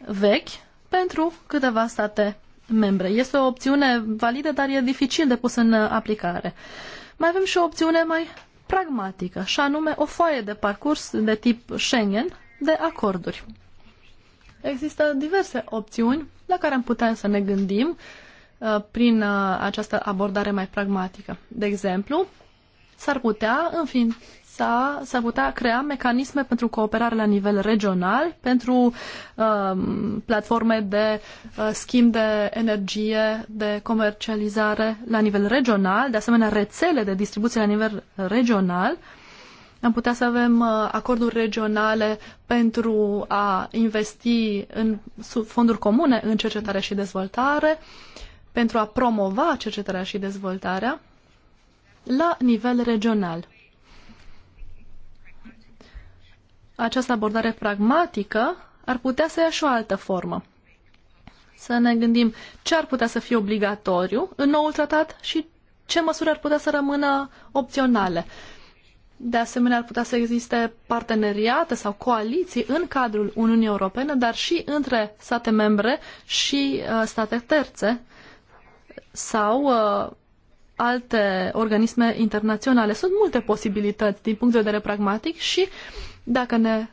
vechi pentru câteva state membre. Este o opțiune validă, dar e dificil de pus în aplicare. Mai avem și o opțiune mai pragmatică, și anume o foaie de parcurs de tip Schengen de acorduri. Există diverse opțiuni la care am putea să ne gândim uh, prin uh, această abordare mai pragmatică. De exemplu, s-ar putea înfi s-a, s a putea crea mecanisme pentru cooperare la nivel regional, pentru um, platforme de uh, schimb de energie, de comercializare la nivel regional, de asemenea rețele de distribuție la nivel regional. Am putea să avem uh, acorduri regionale pentru a investi în fonduri comune în cercetare și dezvoltare, pentru a promova cercetarea și dezvoltarea la nivel regional. această abordare pragmatică ar putea să ia și o altă formă. Să ne gândim ce ar putea să fie obligatoriu în noul tratat și ce măsuri ar putea să rămână opționale. De asemenea, ar putea să existe parteneriate sau coaliții în cadrul Uniunii Europene, dar și între state membre și uh, state terțe sau uh, alte organisme internaționale. Sunt multe posibilități din punct de vedere pragmatic și dacă ne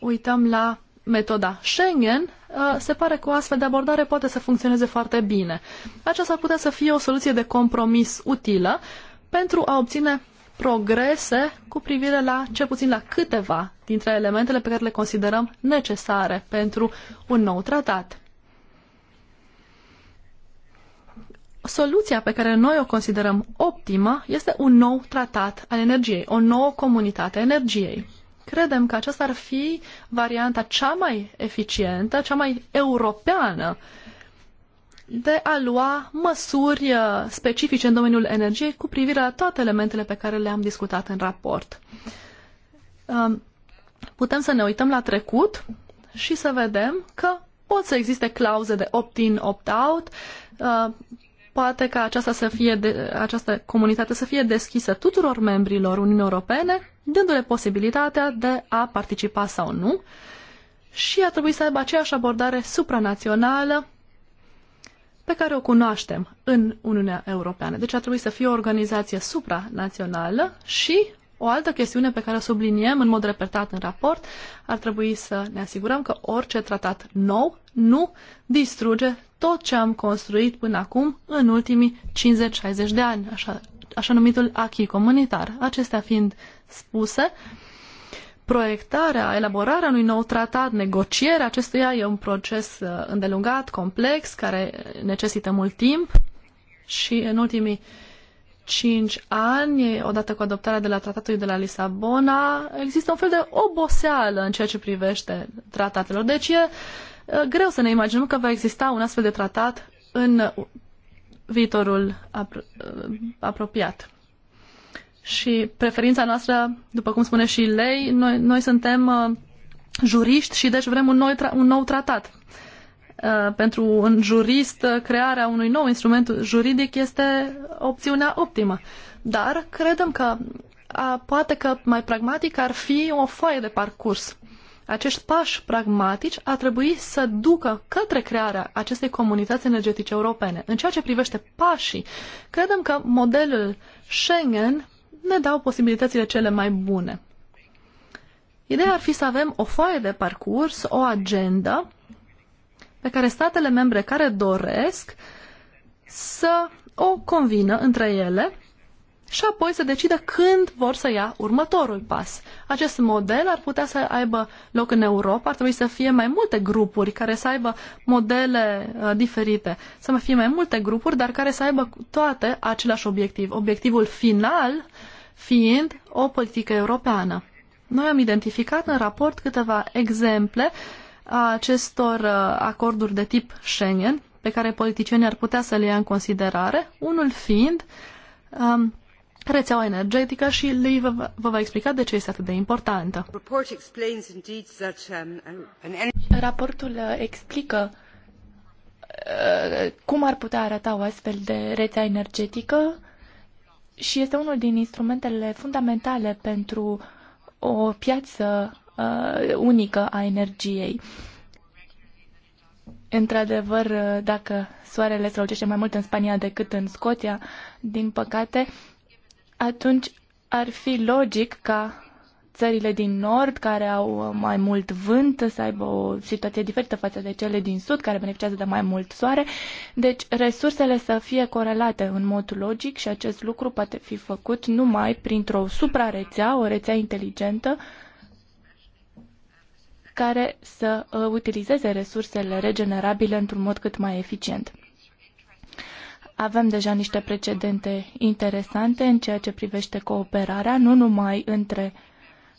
uităm la metoda Schengen, uh, se pare că o astfel de abordare poate să funcționeze foarte bine. Aceasta ar putea să fie o soluție de compromis utilă pentru a obține progrese cu privire la, cel puțin la câteva dintre elementele pe care le considerăm necesare pentru un nou tratat. soluția pe care noi o considerăm optimă este un nou tratat al energiei, o nouă comunitate a energiei. Credem că aceasta ar fi varianta cea mai eficientă, cea mai europeană de a lua măsuri uh, specifice în domeniul energiei cu privire la toate elementele pe care le-am discutat în raport. Um, putem să ne uităm la trecut și să vedem că pot să existe clauze de opt-in, opt-out, uh, poate ca aceasta, să fie de, această comunitate să fie deschisă tuturor membrilor Uniunii Europene, dându-le posibilitatea de a participa sau nu și a trebui să aibă aceeași abordare supranațională pe care o cunoaștem în Uniunea Europeană. Deci a trebuit să fie o organizație supranațională și o altă chestiune pe care o subliniem în mod repetat în raport ar trebui să ne asigurăm că orice tratat nou nu distruge tot ce am construit până acum în ultimii 50-60 de ani, așa, așa numitul acquis comunitar. Acestea fiind spuse, proiectarea, elaborarea unui nou tratat, negocierea acestuia e un proces uh, îndelungat, complex, care necesită mult timp și în ultimii 5 ani, odată cu adoptarea de la Tratatul de la Lisabona, există un fel de oboseală în ceea ce privește tratatelor. Deci e greu să ne imaginăm că va exista un astfel de tratat în viitorul apro- apropiat. Și preferința noastră, după cum spune și lei, noi, noi suntem juriști și deci vrem un, noi, un nou tratat. Uh, pentru un jurist, uh, crearea unui nou instrument juridic este opțiunea optimă. Dar credem că a, poate că mai pragmatic ar fi o foaie de parcurs. Acești pași pragmatici ar trebui să ducă către crearea acestei comunități energetice europene. În ceea ce privește pașii, credem că modelul Schengen ne dau posibilitățile cele mai bune. Ideea ar fi să avem o foaie de parcurs, o agendă pe care statele membre care doresc să o convină între ele și apoi să decidă când vor să ia următorul pas. Acest model ar putea să aibă loc în Europa, ar trebui să fie mai multe grupuri care să aibă modele uh, diferite, să mai fie mai multe grupuri, dar care să aibă toate același obiectiv, obiectivul final fiind o politică europeană. Noi am identificat în raport câteva exemple uh, a acestor uh, acorduri de tip Schengen, pe care politicienii ar putea să le ia în considerare, unul fiind um, rețeaua energetică și lui vă, vă va explica de ce este atât de importantă. Um, Raportul uh, explică uh, cum ar putea arăta o astfel de rețea energetică și este unul din instrumentele fundamentale pentru o piață Uh, unică a energiei. Într-adevăr, uh, dacă soarele strălucește mai mult în Spania decât în Scoția, din păcate, atunci ar fi logic ca țările din nord, care au mai mult vânt, să aibă o situație diferită față de cele din sud, care beneficiază de mai mult soare. Deci, resursele să fie corelate în mod logic și acest lucru poate fi făcut numai printr-o suprarețea, o rețea inteligentă, care să uh, utilizeze resursele regenerabile într-un mod cât mai eficient. Avem deja niște precedente interesante în ceea ce privește cooperarea, nu numai între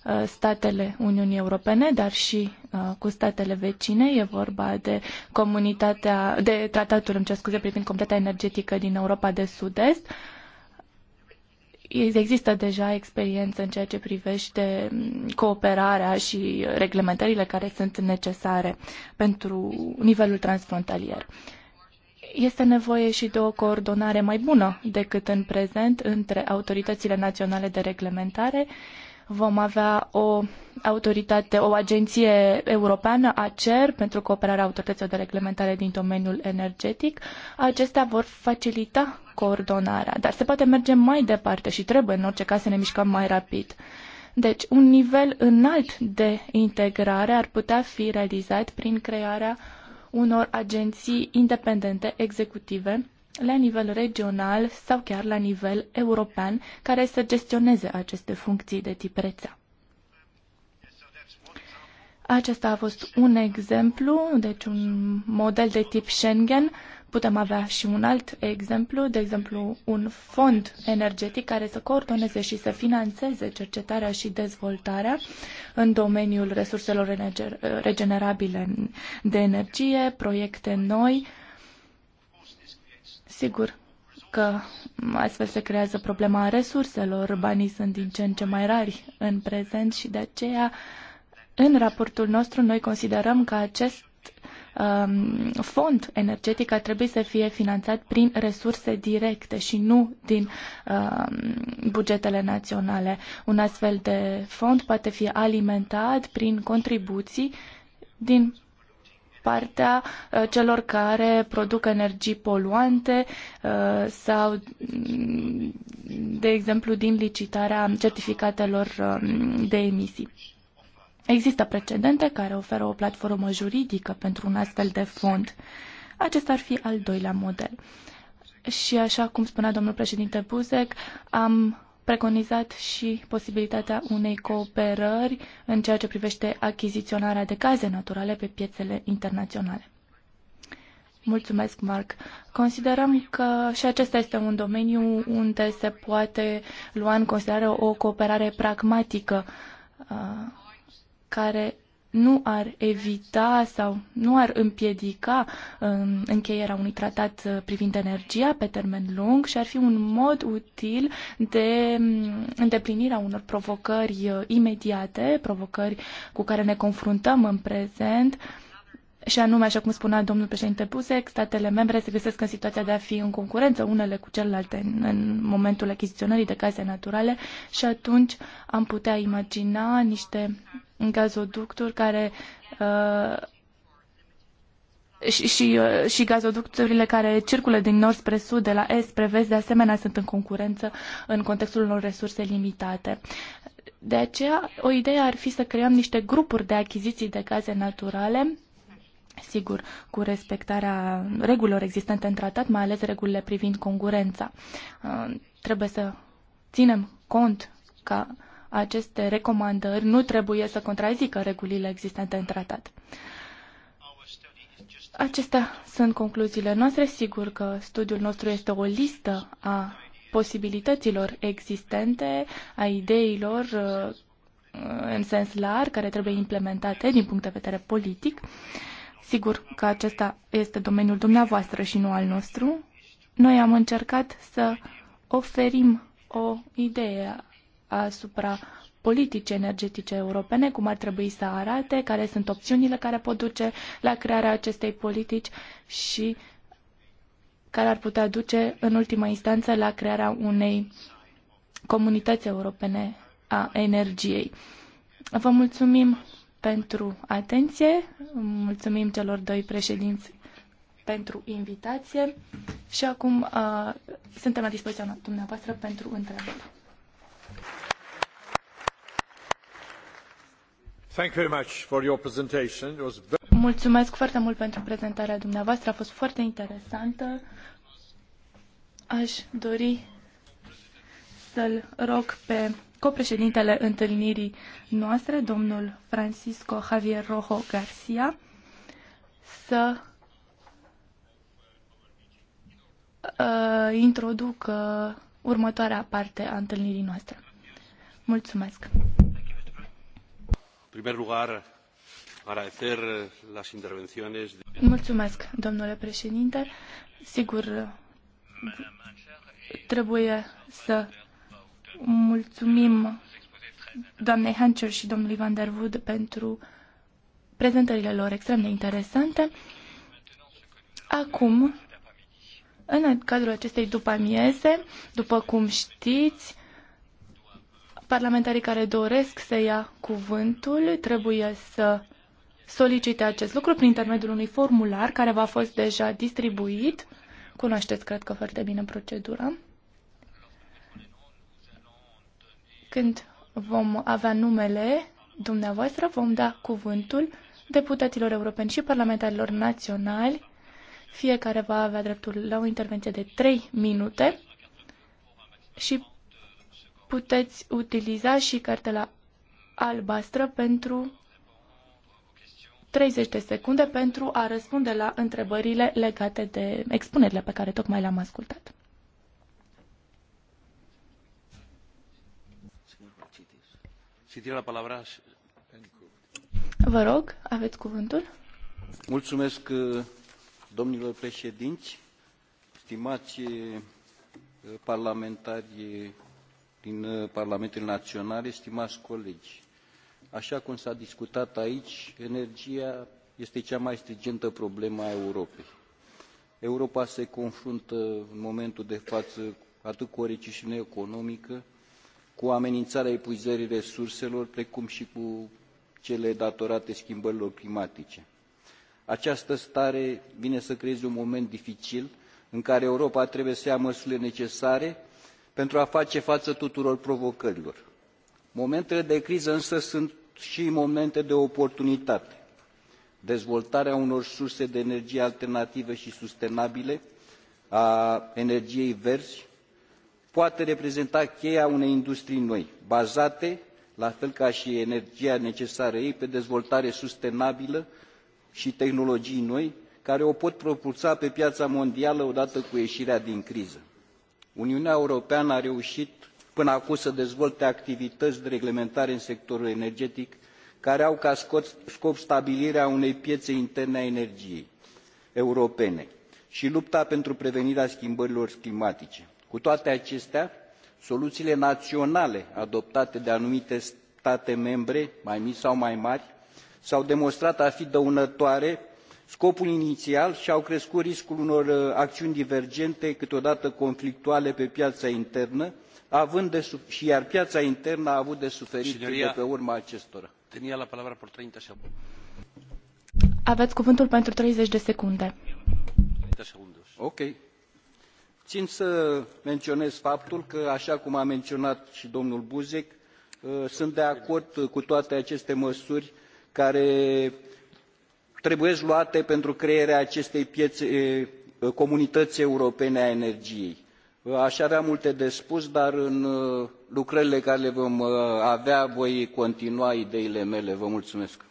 uh, statele Uniunii Europene, dar și uh, cu statele vecine. E vorba de comunitatea, de tratatul, îmi cer scuze, privind completa energetică din Europa de Sud-Est, Există deja experiență în ceea ce privește mm, cooperarea și reglementările care sunt necesare pentru nivelul transfrontalier. Este nevoie și de o coordonare mai bună decât în prezent între autoritățile naționale de reglementare. Vom avea o autoritate, o agenție europeană, ACER, pentru cooperarea autorităților de reglementare din domeniul energetic. Acestea vor facilita coordonarea, dar se poate merge mai departe și trebuie în orice caz să ne mișcăm mai rapid. Deci, un nivel înalt de integrare ar putea fi realizat prin crearea unor agenții independente executive la nivel regional sau chiar la nivel european care să gestioneze aceste funcții de tip rețea. Acesta a fost un exemplu, deci un model de tip Schengen Putem avea și un alt exemplu, de exemplu un fond energetic care să coordoneze și să financeze cercetarea și dezvoltarea în domeniul resurselor regenerabile de energie, proiecte noi. Sigur că astfel se creează problema resurselor, banii sunt din ce în ce mai rari în prezent și de aceea în raportul nostru noi considerăm că acest um, fond energetic ar trebui să fie finanțat prin resurse directe și nu din um, bugetele naționale. Un astfel de fond poate fi alimentat prin contribuții din partea uh, celor care produc energii poluante uh, sau, mm, de exemplu, din licitarea certificatelor um, de emisii. Există precedente care oferă o platformă juridică pentru un astfel de fond. Acesta ar fi al doilea model. Și așa cum spunea domnul președinte Buzek, am preconizat și posibilitatea unei cooperări în ceea ce privește achiziționarea de gaze naturale pe piețele internaționale. Mulțumesc, Marc. Considerăm că și acesta este un domeniu unde se poate lua în considerare o cooperare pragmatică uh, care nu ar evita sau nu ar împiedica um, încheierea unui tratat uh, privind energia pe termen lung și ar fi un mod util de um, îndeplinirea unor provocări uh, imediate, provocări cu care ne confruntăm în prezent și anume, așa cum spunea domnul președinte Buzek, statele membre se găsesc în situația de a fi în concurență unele cu celelalte în, în momentul achiziționării de gaze naturale și atunci am putea imagina niște gazoducturi care uh, și, și, uh, și gazoducturile care circulă din nord spre sud, de la est spre vest, de asemenea sunt în concurență în contextul unor resurse limitate. De aceea, o idee ar fi să creăm niște grupuri de achiziții de gaze naturale sigur, cu respectarea regulilor existente în tratat, mai ales regulile privind concurența. Uh, trebuie să ținem cont că aceste recomandări nu trebuie să contrazică regulile existente în tratat. Acestea sunt concluziile noastre. Sigur că studiul nostru este o listă a posibilităților existente, a ideilor uh, în sens larg care trebuie implementate din punct de vedere politic. Sigur că acesta este domeniul dumneavoastră și nu al nostru. Noi am încercat să oferim o idee asupra politice energetice europene, cum ar trebui să arate, care sunt opțiunile care pot duce la crearea acestei politici și care ar putea duce, în ultima instanță, la crearea unei comunități europene a energiei. Vă mulțumim pentru atenție. Mulțumim celor doi președinți pentru invitație și acum uh, suntem la dispoziția dumneavoastră pentru întrebări. Thank you very much for your presentation. It was very... Mulțumesc foarte mult pentru prezentarea dumneavoastră, a fost foarte interesantă. Aș dori să-l rog pe copreședintele întâlnirii noastre, domnul Francisco Javier Rojo Garcia, să uh, introducă următoarea parte a întâlnirii noastre. Mulțumesc! În primul Mulțumesc, domnule președinte. Sigur, trebuie să Mulțumim doamnei Hancher și domnului Van der Wood pentru prezentările lor extrem de interesante. Acum, în cadrul acestei după amieze, după cum știți, parlamentarii care doresc să ia cuvântul trebuie să solicite acest lucru prin intermediul unui formular care va fi fost deja distribuit. Cunoașteți, cred că, foarte bine procedura. Când vom avea numele dumneavoastră, vom da cuvântul deputaților europeni și parlamentarilor naționali. Fiecare va avea dreptul la o intervenție de 3 minute și puteți utiliza și cartela albastră pentru 30 de secunde pentru a răspunde la întrebările legate de expunerile pe care tocmai le-am ascultat. Si eh, aveți cuvântul. Mulțumesc, eh, domnilor președinți, stimați eh, parlamentari din Parlamentele Naționale, stimați colegi. Așa cum s-a discutat aici, energia este cea mai stringentă problemă a Europei. Europa se confruntă în momentul de față atât cu o recesiune economică, cu amenințarea epuizării resurselor, precum și cu cele datorate schimbărilor climatice. Această stare vine să creeze un moment dificil în care Europa trebuie să ia măsurile necesare pentru a face față tuturor provocărilor. Momentele de criză însă sunt și momente de oportunitate. Dezvoltarea unor surse de energie alternative și sustenabile, a energiei verzi, poate reprezenta cheia unei industrii noi bazate la fel ca i energia necesară ei pe dezvoltare sustenabilă i tehnologii noi care o pot propulsa pe piaa mondială odată cu ieirea din criză. uniunea europeană a reuit până acum să dezvolte activităi de reglementare în sectorul energetic care au ca scop stabilirea unei piee interne a energiei europene i lupta pentru prevenirea schimbărilor climatice cu toate acestea soluiile naionale adoptate de anumite state membre mai mici sau mai mari s au demonstrat a fi dăunătoare scopului iniial i au crescut riscul unor uh, aciuni divergente câteodată conflictuale pe piaa internă iar piaa internă a avut de suferit de pe urma acestora. Aveți cuvântul pentru 30 de secunde in să menionez faptul că aa cum a menionat i domnul buzek ă, sunt de acord cu toate aceste măsuri care trebuie luate pentru crearea acestei piee comunităi europene a energiei. Ă, a avea multe de spus dar în ă, lucrările pe care le vom avea voi continua ideile mele. Vă mulțumesc.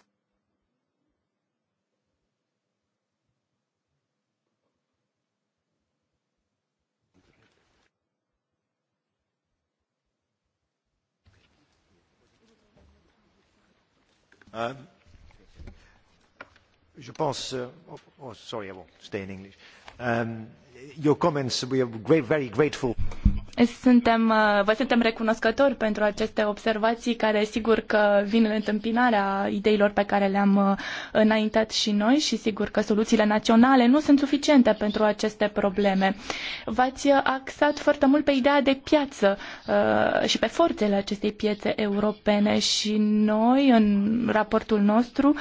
Uh, je pense uh, oh, oh, sorry i will stay in english um, your comments we are very grateful suntem, uh, vă suntem recunoscători pentru aceste observații care sigur că vin în întâmpinarea ideilor pe care le-am uh, înaintat și noi și sigur că soluțiile naționale nu sunt suficiente pentru aceste probleme. V-ați uh, axat foarte mult pe ideea de piață și pe forțele acestei piețe europene și noi în raportul nostru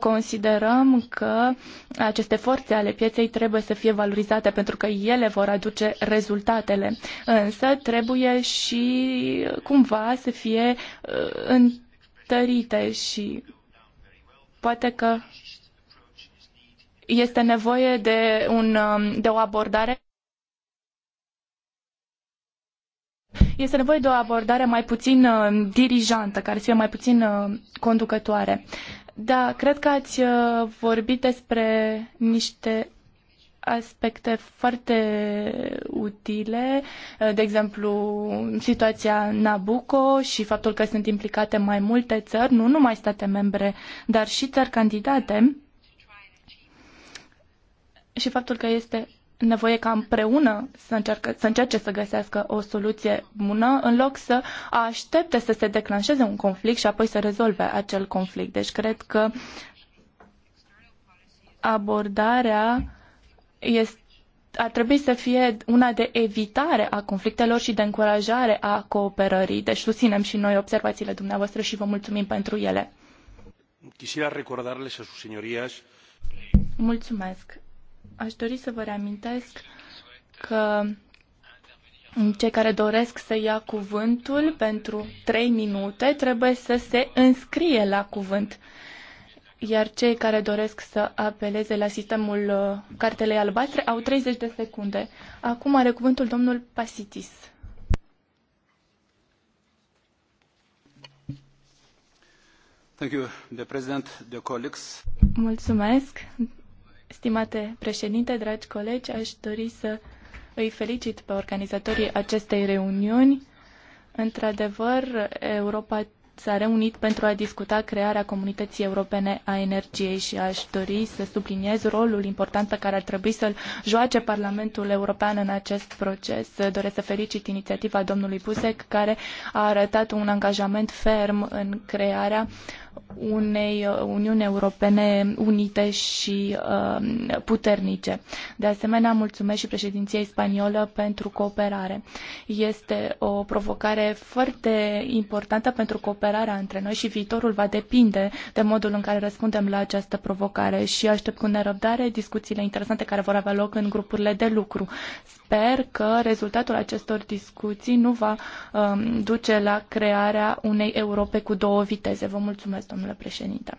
considerăm că aceste forțe ale pieței trebuie să fie valorizate pentru că ele vor aduce rezultatele. Însă însă trebuie și cumva să fie uh, întărite și poate că este nevoie de, un, um, de o abordare este nevoie de o abordare mai puțin um, dirijantă, care să fie mai puțin um, conducătoare. Da, cred că ați uh, vorbit despre niște aspecte foarte utile, de exemplu situația Nabucco și faptul că sunt implicate mai multe țări, nu numai state membre, dar și țări candidate și faptul că este nevoie ca împreună să, încearcă, să încerce să găsească o soluție bună, în loc să aștepte să se declanșeze un conflict și apoi să rezolve acel conflict. Deci cred că abordarea este, ar trebui să fie una de evitare a conflictelor și de încurajare a cooperării. Deci susținem și noi observațiile dumneavoastră și vă mulțumim pentru ele. Quisiera recordarles a sus señorías Mulțumesc. Aș dori să vă reamintesc că cei care doresc să ia cuvântul pentru trei minute trebuie să se înscrie la cuvânt iar cei care doresc să apeleze la sistemul uh, cartelei albastre au 30 de secunde. Acum are cuvântul domnul Pasitis. Thank you, the president, the colleagues. Mulțumesc, stimate președinte, dragi colegi, aș dori să îi felicit pe organizatorii acestei reuniuni. Într-adevăr, Europa s-a reunit pentru a discuta crearea comunității europene a energiei și aș dori să subliniez rolul important pe care ar trebui să-l joace Parlamentul European în acest proces. Doresc să felicit inițiativa domnului Buzek care a arătat un angajament ferm în crearea unei uh, Uniuni Europene unite și uh, puternice. De asemenea, mulțumesc și președinției spaniolă pentru cooperare. Este o provocare foarte importantă pentru cooperarea între noi și viitorul va depinde de modul în care răspundem la această provocare și aștept cu nerăbdare discuțiile interesante care vor avea loc în grupurile de lucru sper că rezultatul acestor discuții nu va um, duce la crearea unei Europe cu două viteze. Vă mulțumesc, domnule președinte.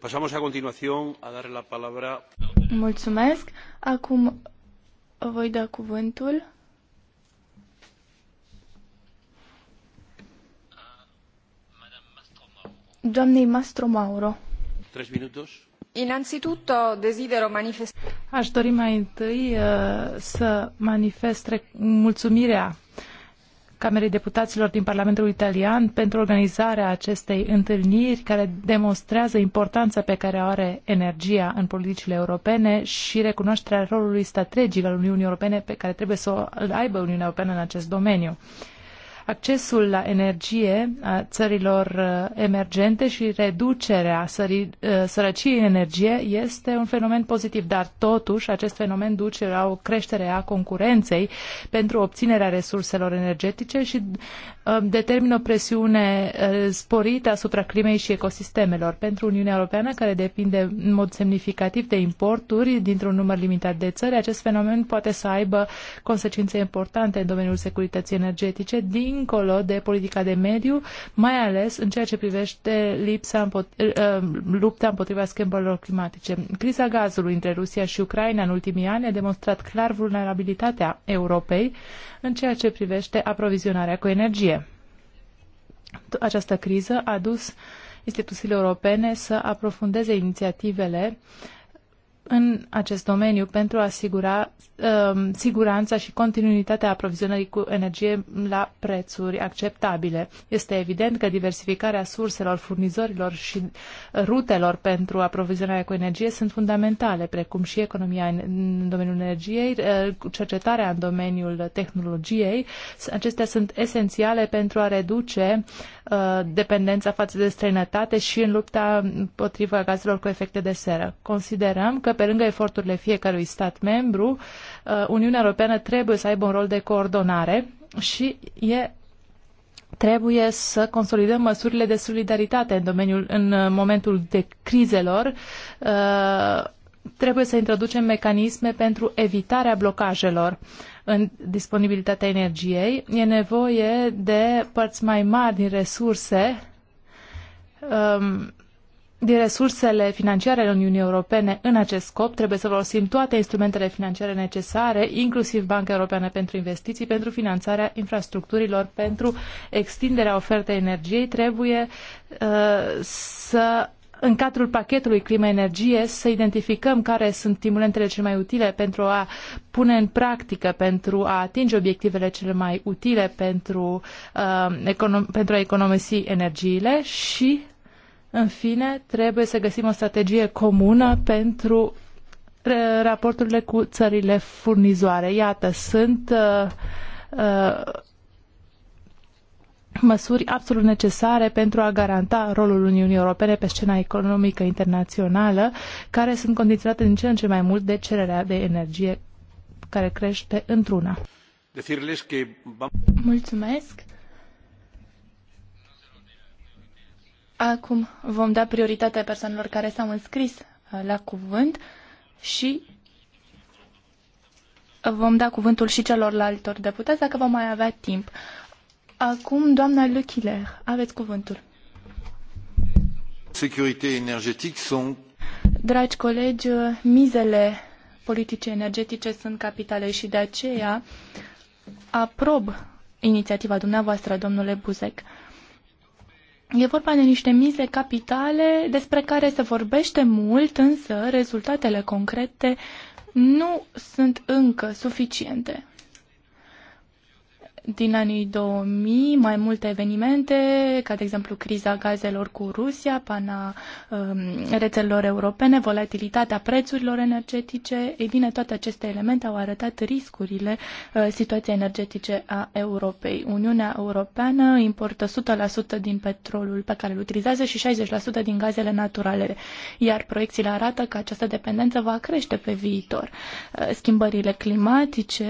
Pasamos a continuación a dar la palabra. Mulțumesc. Acum voi da cuvântul doamnei Mauro. minute. Innanzitutto desidero manifestare. Aș dori mai întâi uh, să manifest mulțumirea Camerei Deputaților din Parlamentul Italian pentru organizarea acestei întâlniri care demonstrează importanța pe care o are energia în politicile europene și recunoaterea rolului strategic al Uniunii Europene pe care trebuie să îl aibă Uniunea Europeană în acest domeniu accesul la energie a țărilor uh, emergente și reducerea uh, sărăciei în energie este un fenomen pozitiv, dar totuși acest fenomen duce la o creștere a concurenței pentru obținerea resurselor energetice și uh, determină o presiune sporită asupra climei și ecosistemelor. Pentru Uniunea Europeană, care depinde în mod semnificativ de importuri dintr-un număr limitat de țări, acest fenomen poate să aibă consecințe importante în domeniul securității energetice din dincolo de politica de mediu, mai ales în ceea ce privește lipsa împot- eh, eh, lupta împotriva schimbărilor climatice. Criza gazului între Rusia și Ucraina în ultimii ani a demonstrat clar vulnerabilitatea Europei în ceea ce privește aprovizionarea cu energie. Această criză a dus instituțiile europene să aprofundeze inițiativele uh, în acest domeniu pentru a asigura um, siguranța și continuitatea aprovizionării cu energie la prețuri acceptabile. Este evident că diversificarea surselor, furnizorilor și rutelor pentru aprovizionarea cu energie sunt fundamentale, precum și economia în, în domeniul energiei, uh, cercetarea în domeniul tehnologiei. Acestea sunt esențiale pentru a reduce uh, dependența față de străinătate și în lupta împotriva gazelor cu efecte de seră. Considerăm că pe lângă eforturile fiecărui stat membru, uh, Uniunea Europeană trebuie să aibă un rol de coordonare și e trebuie să consolidăm măsurile de solidaritate în domeniul în uh, momentul de crizelor. Uh, trebuie să introducem mecanisme pentru evitarea blocajelor în disponibilitatea energiei. E nevoie de părți mai mari din resurse um, din resursele financiare ale Uniunii Europene în acest scop, trebuie să folosim toate instrumentele financiare necesare, inclusiv Banca Europeană pentru Investiții, pentru finanțarea infrastructurilor, pentru extinderea ofertei energiei. Trebuie uh, să în cadrul pachetului climă-energie să identificăm care sunt stimulentele cele mai utile pentru a pune în practică, pentru a atinge obiectivele cele mai utile pentru, uh, econom- pentru a economisi energiile și în fine, trebuie să găsim o strategie comună pentru raporturile cu țările furnizoare. Iată, sunt uh, uh, măsuri absolut necesare pentru a garanta rolul Uniunii Europene pe scena economică internațională, care sunt condiționate din ce în ce mai mult de cererea de energie care crește într-una. Mulțumesc. Acum vom da prioritatea persoanelor care s-au înscris uh, la cuvânt și vom da cuvântul și celorlaltor deputați dacă vom mai avea timp. Acum, doamna Luchiler, aveți cuvântul. Securitate energetică sunt... Dragi colegi, uh, mizele politice energetice sunt capitale și de aceea aprob inițiativa dumneavoastră, domnule Buzek. E vorba de niște mize capitale despre care se vorbește mult, însă rezultatele concrete nu sunt încă suficiente din anii 2000 mai multe evenimente, ca de exemplu criza gazelor cu Rusia, pana um, rețelelor europene, volatilitatea prețurilor energetice. Ei bine, toate aceste elemente au arătat riscurile uh, situației energetice a Europei. Uniunea Europeană importă 100% din petrolul pe care îl utilizează și 60% din gazele naturale, iar proiecțiile arată că această dependență va crește pe viitor. Uh, schimbările climatice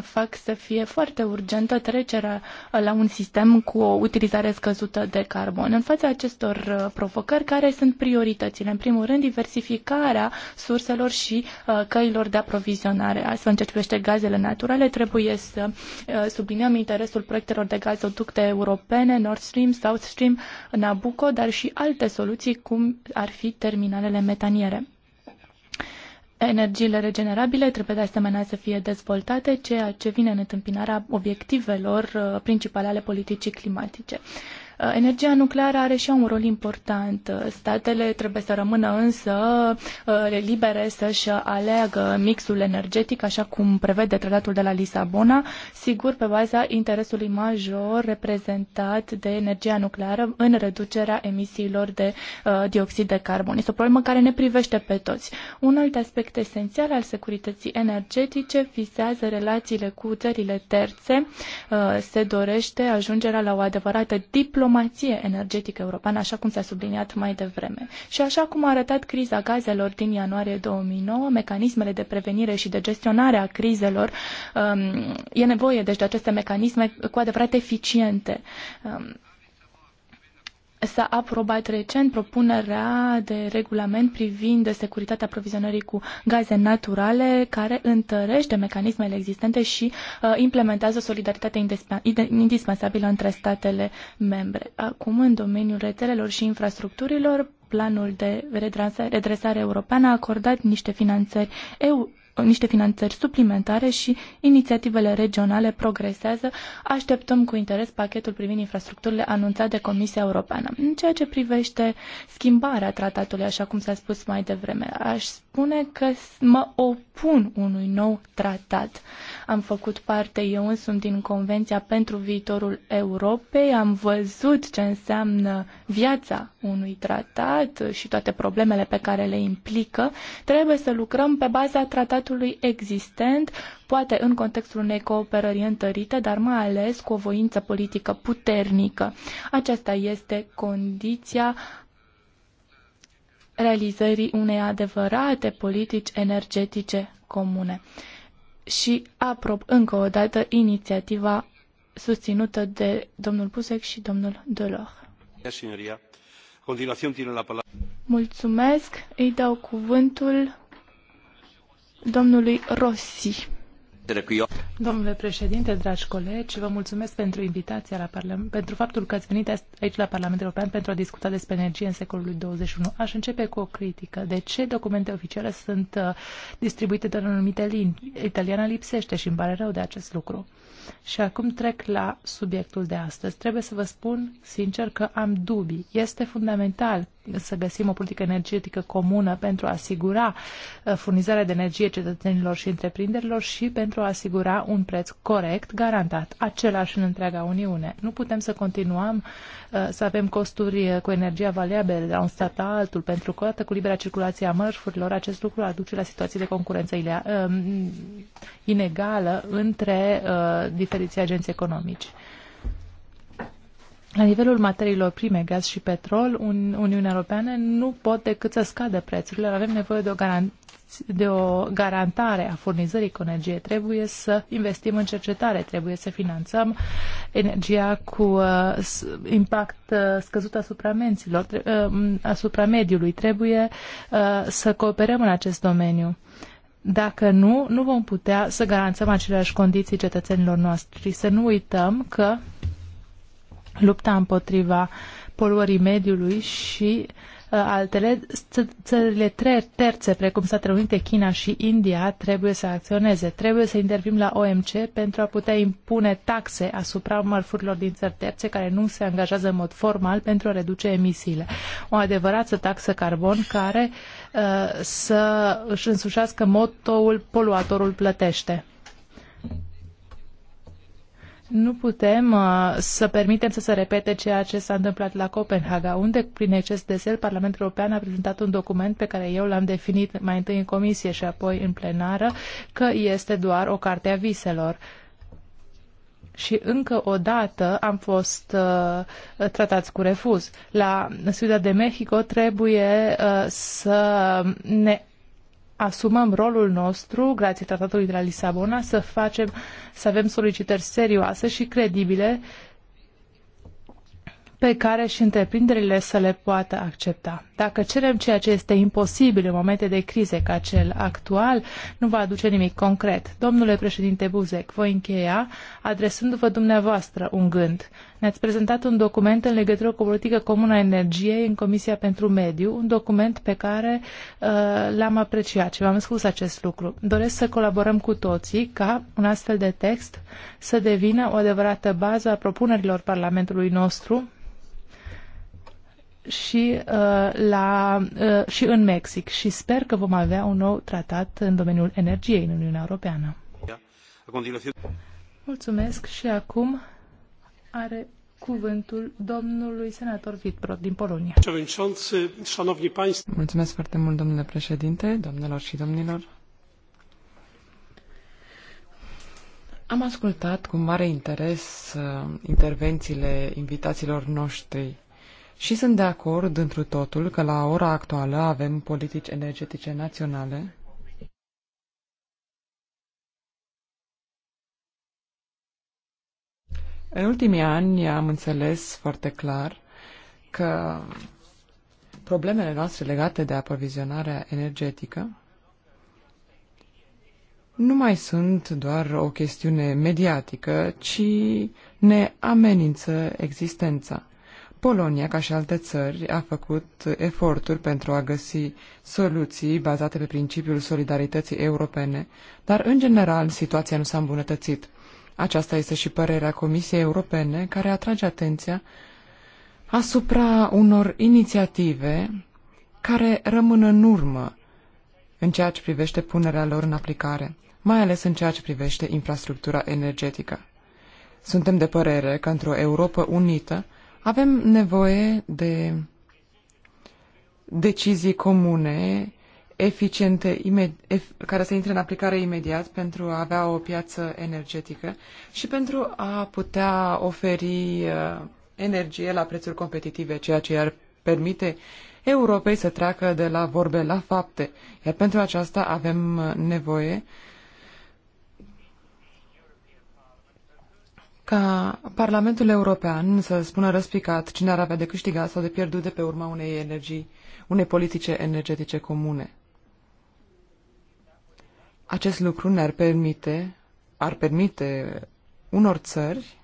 fac să fie foarte urgentă trecerea la un sistem cu o utilizare scăzută de carbon. În fața acestor uh, provocări, care sunt prioritățile? În primul rând, diversificarea surselor și uh, căilor de aprovizionare. Astfel, în ce privește gazele naturale, trebuie să uh, subliniem interesul proiectelor de gazoducte europene, Nord Stream, South Stream, Nabucco, dar și alte soluții, cum ar fi terminalele metaniere. Energiile regenerabile trebuie de asemenea să fie dezvoltate, ceea ce vine în întâmpinarea obiectivelor uh, principale ale politicii climatice. Uh, energia nucleară are și ea un rol important. Uh, statele trebuie să rămână însă uh, libere să-și aleagă mixul energetic, așa cum prevede tratatul de la Lisabona, sigur pe baza interesului major reprezentat de energia nucleară în reducerea emisiilor de dioxid de carbon. Este o problemă care ne privește pe toți. Un alt aspect esențial al securității energetice vizează relațiile cu țările terțe. Se dorește ajungerea la o adevărată diplomație diplomație energetică europeană, așa cum s-a subliniat mai devreme. Și așa cum a arătat criza gazelor din ianuarie 2009, mecanismele de prevenire și de gestionare a crizelor, um, e nevoie deci de aceste mecanisme cu adevărat eficiente. Um, s-a aprobat recent propunerea de regulament privind securitatea aprovizionării cu gaze naturale, care întărește mecanismele existente și uh, implementează solidaritatea indispensabilă între statele membre. Acum, în domeniul rețelelor și infrastructurilor, planul de redresare europeană a acordat niște finanțări EU niște finanțări suplimentare și inițiativele regionale progresează. Așteptăm cu interes pachetul privind infrastructurile anunțat de Comisia Europeană. În ceea ce privește schimbarea tratatului, așa cum s-a spus mai devreme, aș spune că mă opun unui nou tratat. Am făcut parte eu însumi din Convenția pentru viitorul Europei, am văzut ce înseamnă viața unui tratat și toate problemele pe care le implică, trebuie să lucrăm pe baza tratatului existent, poate în contextul unei cooperări întărite, dar mai ales cu o voință politică puternică. Aceasta este condiția realizării unei adevărate politici energetice comune. Și, aprob, încă o dată, inițiativa susținută de domnul Pusec și domnul Delors. Signoria continuación tiene la palabra. Mulțumesc. Îi dau cuvântul domnului Rossi. Domnule președinte, dragi colegi, vă mulțumesc pentru invitația la Parlament, pentru faptul că ați venit aici la Parlamentul European pentru a discuta despre energie în secolul 21. Aș începe cu o critică. De ce documente oficiale sunt uh, distribuite doar în anumite limbi? Italiana lipsește și îmi pare rău de acest lucru. Și acum trec la subiectul de astăzi. Trebuie să vă spun sincer că am dubii. Este fundamental să găsim o politică energetică comună pentru a asigura uh, furnizarea de energie cetățenilor și întreprinderilor și pentru a asigura un preț corect, garantat, același în întreaga Uniune. Nu putem să continuăm uh, să avem costuri uh, cu energia variabilă de la un stat la altul, pentru că odată cu libera circulație a mărfurilor, acest lucru aduce la situații de concurență um, inegală între uh, diferiții agenți economici. La nivelul materiilor prime, gaz și petrol, un, Uniunea Europeană nu pot decât să scadă prețurile. Avem nevoie de o, garanț- de o garantare a furnizării cu energie. Trebuie să investim în cercetare, trebuie să finanțăm energia cu uh, impact uh, scăzut asupra menților, uh, asupra mediului. Trebuie uh, să cooperăm în acest domeniu. Dacă nu, nu vom putea să garanțăm aceleași condiții cetățenilor noștri. Să nu uităm că lupta împotriva poluării mediului și uh, altele. Țările terțe, precum Statele Unite, China și India, trebuie să acționeze. Trebuie să intervim la OMC pentru a putea impune taxe asupra mărfurilor din țări terțe care nu se angajează în mod formal pentru a reduce emisiile. O adevărată taxă carbon care uh, să își însușească motoul poluatorul plătește. Nu putem uh, să permitem să se repete ceea ce s-a întâmplat la Copenhaga, unde, prin exces de sel, Parlamentul European a prezentat un document pe care eu l-am definit mai întâi în comisie și apoi în plenară, că este doar o carte a viselor. Și încă o dată am fost uh, tratați cu refuz. La Ciudad de Mexico trebuie uh, să ne asumăm rolul nostru, grație tratatului de la Lisabona, să facem, să avem solicitări serioase și credibile pe care și întreprinderile să le poată accepta. Dacă cerem ceea ce este imposibil în momente de crize ca cel actual, nu va aduce nimic concret. Domnule președinte Buzek, voi încheia adresându-vă dumneavoastră un gând. Ne-ați prezentat un document în legătură cu politica comună a energiei în Comisia pentru Mediu, un document pe care uh, l-am apreciat și v-am spus acest lucru. Doresc să colaborăm cu toții ca un astfel de text să devină o adevărată bază a propunerilor Parlamentului nostru și, uh, la, uh, și în Mexic și sper că vom avea un nou tratat în domeniul energiei în Uniunea Europeană. Mulțumesc și acum are cuvântul domnului senator Vitbrod din Polonia. Mulțumesc foarte mult, domnule președinte, domnilor și domnilor. Am ascultat cu mare interes uh, intervențiile invitațiilor noștri și sunt de acord întru totul că la ora actuală avem politici energetice naționale În ultimii ani am înțeles foarte clar că problemele noastre legate de aprovizionarea energetică nu mai sunt doar o chestiune mediatică, ci ne amenință existența. Polonia, ca și alte țări, a făcut eforturi pentru a găsi soluții bazate pe principiul solidarității europene, dar, în general, situația nu s-a îmbunătățit. Aceasta este și părerea Comisiei Europene, care atrage atenția asupra unor inițiative care rămân în urmă în ceea ce privește punerea lor în aplicare, mai ales în ceea ce privește infrastructura energetică. Suntem de părere că într-o Europa unită avem nevoie de decizii comune eficiente care să intre în aplicare imediat pentru a avea o piață energetică și pentru a putea oferi uh, energie la prețuri competitive, ceea ce ar permite Europei să treacă de la vorbe la fapte. Iar pentru aceasta avem uh, nevoie ca Parlamentul European să spună răspicat cine ar avea de câștigat sau de pierdut de pe urma unei energii, unei politice energetice comune. Acest lucru ne-ar permite, ar permite unor țări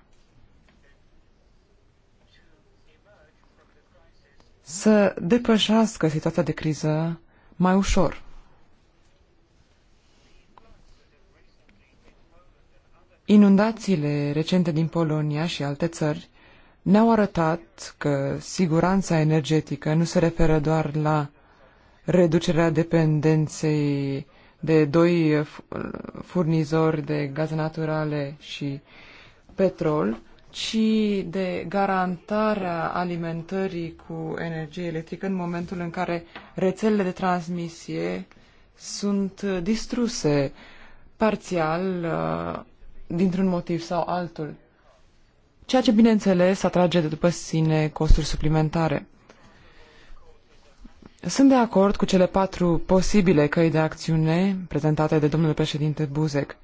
să depășească situația de criză mai ușor. Inundațiile recente din Polonia și alte țări ne-au arătat că siguranța energetică nu se referă doar la reducerea dependenței de doi eh, furnizori de gaze naturale și petrol, ci de garantarea alimentării cu energie electrică în momentul în care rețelele de transmisie sunt eh, distruse parțial eh, dintr-un motiv sau altul. Ceea ce, bineînțeles, atrage de după sine costuri suplimentare. Sunt de acord cu cele patru posibile căi de acțiune prezentate de domnul președinte Buzek.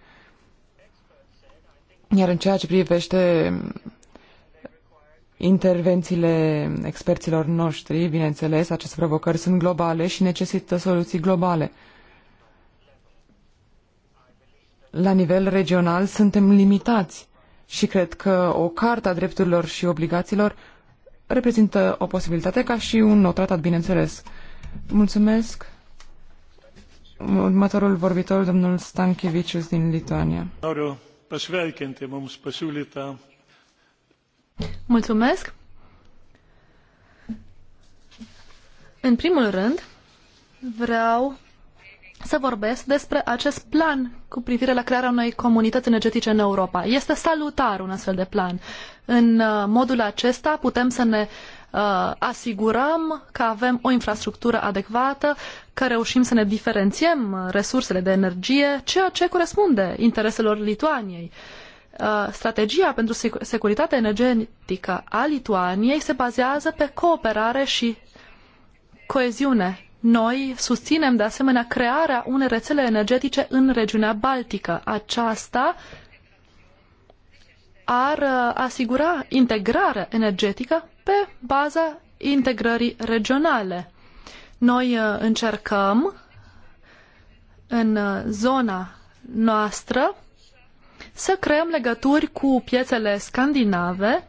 Iar în ceea ce privește intervențiile experților noștri, bineînțeles, aceste provocări sunt globale și necesită soluții globale. La nivel regional suntem limitați și cred că o carta drepturilor și obligațiilor reprezintă o posibilitate ca și un nou tratat, bineînțeles. Mulțumesc. Următorul vorbitor, domnul Stankevicius din Lituania. Mulțumesc. În primul rând, vreau să vorbesc despre acest plan cu privire la crearea unei comunități energetice în Europa. Este salutar un astfel de plan. În uh, modul acesta putem să ne uh, Uh, asigurăm că avem o infrastructură adecvată, că reușim să ne diferențiem resursele de energie, ceea ce corespunde intereselor Lituaniei. Uh, strategia pentru securitate energetică a Lituaniei se bazează pe cooperare și coeziune. Noi susținem de asemenea crearea unei rețele energetice în regiunea Baltică. Aceasta ar uh, asigura integrarea energetică pe baza integrării regionale. Noi uh, încercăm în uh, zona noastră să creăm legături cu piețele scandinave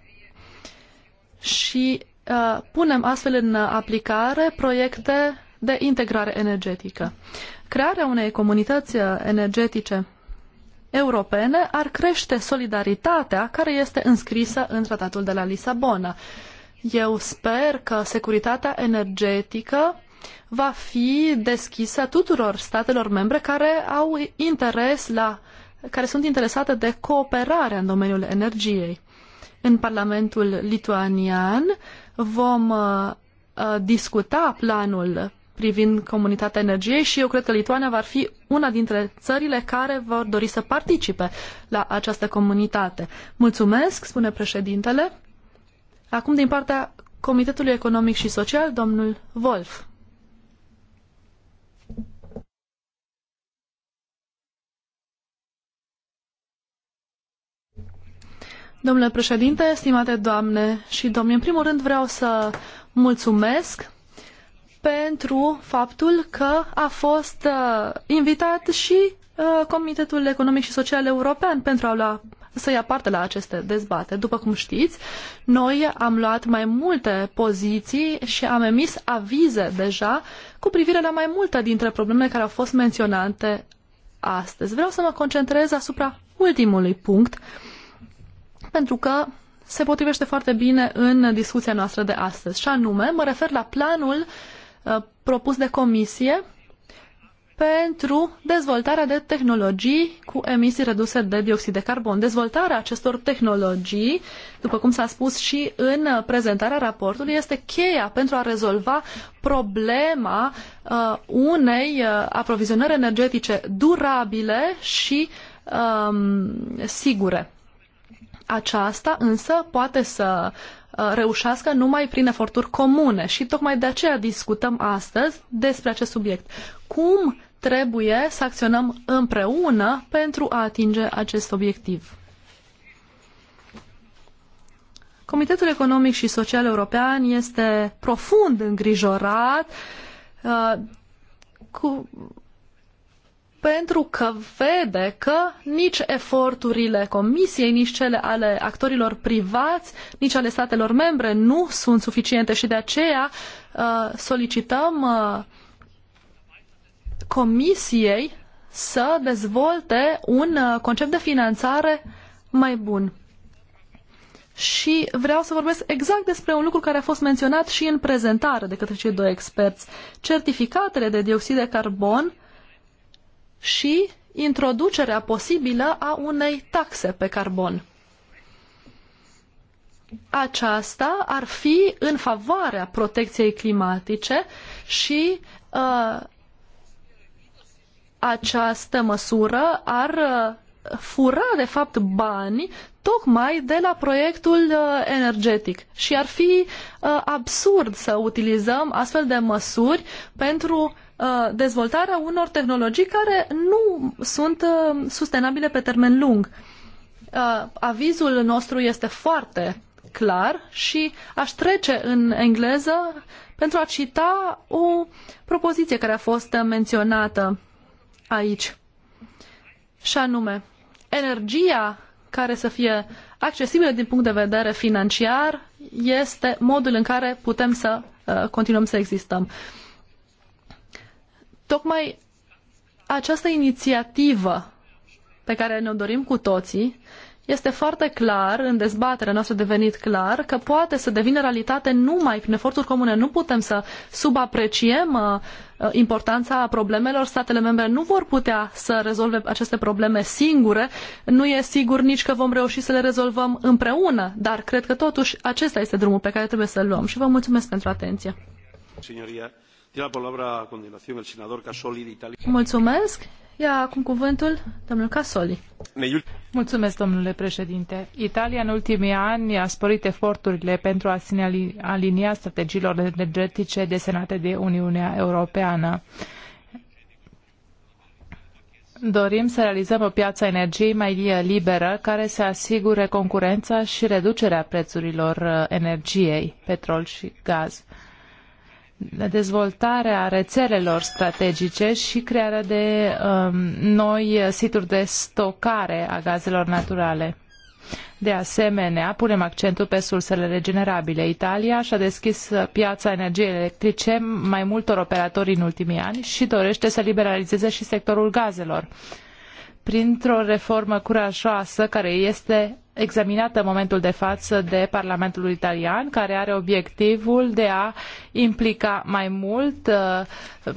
și uh, punem astfel în aplicare proiecte de integrare energetică. Crearea unei comunități uh, energetice europene ar crește solidaritatea care este înscrisă în Tratatul de la Lisabona. Eu sper că securitatea energetică va fi deschisă tuturor statelor membre care au interes la care sunt interesate de cooperarea în domeniul energiei. În Parlamentul lituanian vom uh, uh discuta planul privind comunitatea energiei și eu cred că Lituania va fi una dintre țările care vor dori să participe la această comunitate. Mulțumesc, spune președintele. Acum, din partea Comitetului Economic și Social, domnul Wolf. Domnule președinte, stimate doamne și domni, în primul rând vreau să mulțumesc pentru faptul că a fost uh, invitat și uh, Comitetul Economic și Social European pentru a lua să ia parte la aceste dezbate. După cum știți, noi am luat mai multe poziții și am emis avize deja cu privire la mai multe dintre problemele care au fost menționate astăzi. Vreau să mă concentrez asupra ultimului punct, pentru că se potrivește foarte bine în discuția noastră de astăzi. Și anume, mă refer la planul uh, propus de comisie pentru dezvoltarea de tehnologii cu emisii reduse de dioxid de carbon. Dezvoltarea acestor tehnologii, după cum s-a spus și în prezentarea raportului, este cheia pentru a rezolva problema uh, unei uh, aprovizionări energetice durabile și um, sigure. Aceasta însă poate să uh, reușească numai prin eforturi comune și tocmai de aceea discutăm astăzi despre acest subiect. Cum trebuie să acționăm împreună pentru a atinge acest obiectiv. Comitetul Economic și Social European este profund îngrijorat uh, cu, pentru că vede că nici eforturile Comisiei, nici cele ale actorilor privați, nici ale statelor membre nu sunt suficiente și de aceea uh, solicităm uh, Comisiei să dezvolte un uh, concept de finanțare mai bun. Și vreau să vorbesc exact despre un lucru care a fost menționat și în prezentare de către cei doi experți. Certificatele de dioxid de carbon și introducerea posibilă a unei taxe pe carbon. Aceasta ar fi în favoarea protecției climatice și uh, această măsură ar uh, fura, de fapt, bani tocmai de la proiectul uh, energetic și ar fi uh, absurd să utilizăm astfel de măsuri pentru dezvoltarea unor tehnologii care nu sunt sustenabile pe termen lung. Avizul nostru este foarte clar și aș trece în engleză pentru a cita o propoziție care a fost menționată aici. Și anume, energia care să fie accesibilă din punct de vedere financiar este modul în care putem să uh, continuăm să existăm. Tocmai această inițiativă pe care ne-o dorim cu toții este foarte clar, în dezbaterea noastră a devenit clar, că poate să devină realitate numai prin eforturi comune. Nu putem să subapreciem uh, uh, importanța problemelor. Statele membre nu vor putea să rezolve aceste probleme singure. Nu e sigur nici că vom reuși să le rezolvăm împreună, dar cred că totuși acesta este drumul pe care trebuie să-l luăm și vă mulțumesc pentru atenție. Mulțumesc. Ia acum cuvântul domnul Casoli. Mulțumesc, domnule președinte. Italia în ultimii ani a sporit eforturile pentru a se alinia strategiilor energetice desenate de Uniunea Europeană. Dorim să realizăm o piață a energiei mai liberă care să asigure concurența și reducerea prețurilor uh, energiei, petrol și gaz dezvoltarea rețelelor strategice și crearea de um, noi situri de stocare a gazelor naturale. De asemenea, punem accentul pe sursele regenerabile. Italia și-a deschis piața energiei electrice mai multor operatori în ultimii ani și dorește să liberalizeze și sectorul gazelor. Uh, printr-o reformă curajoasă care este examinată în momentul de față de Parlamentul italian, care are obiectivul de a implica mai mult uh,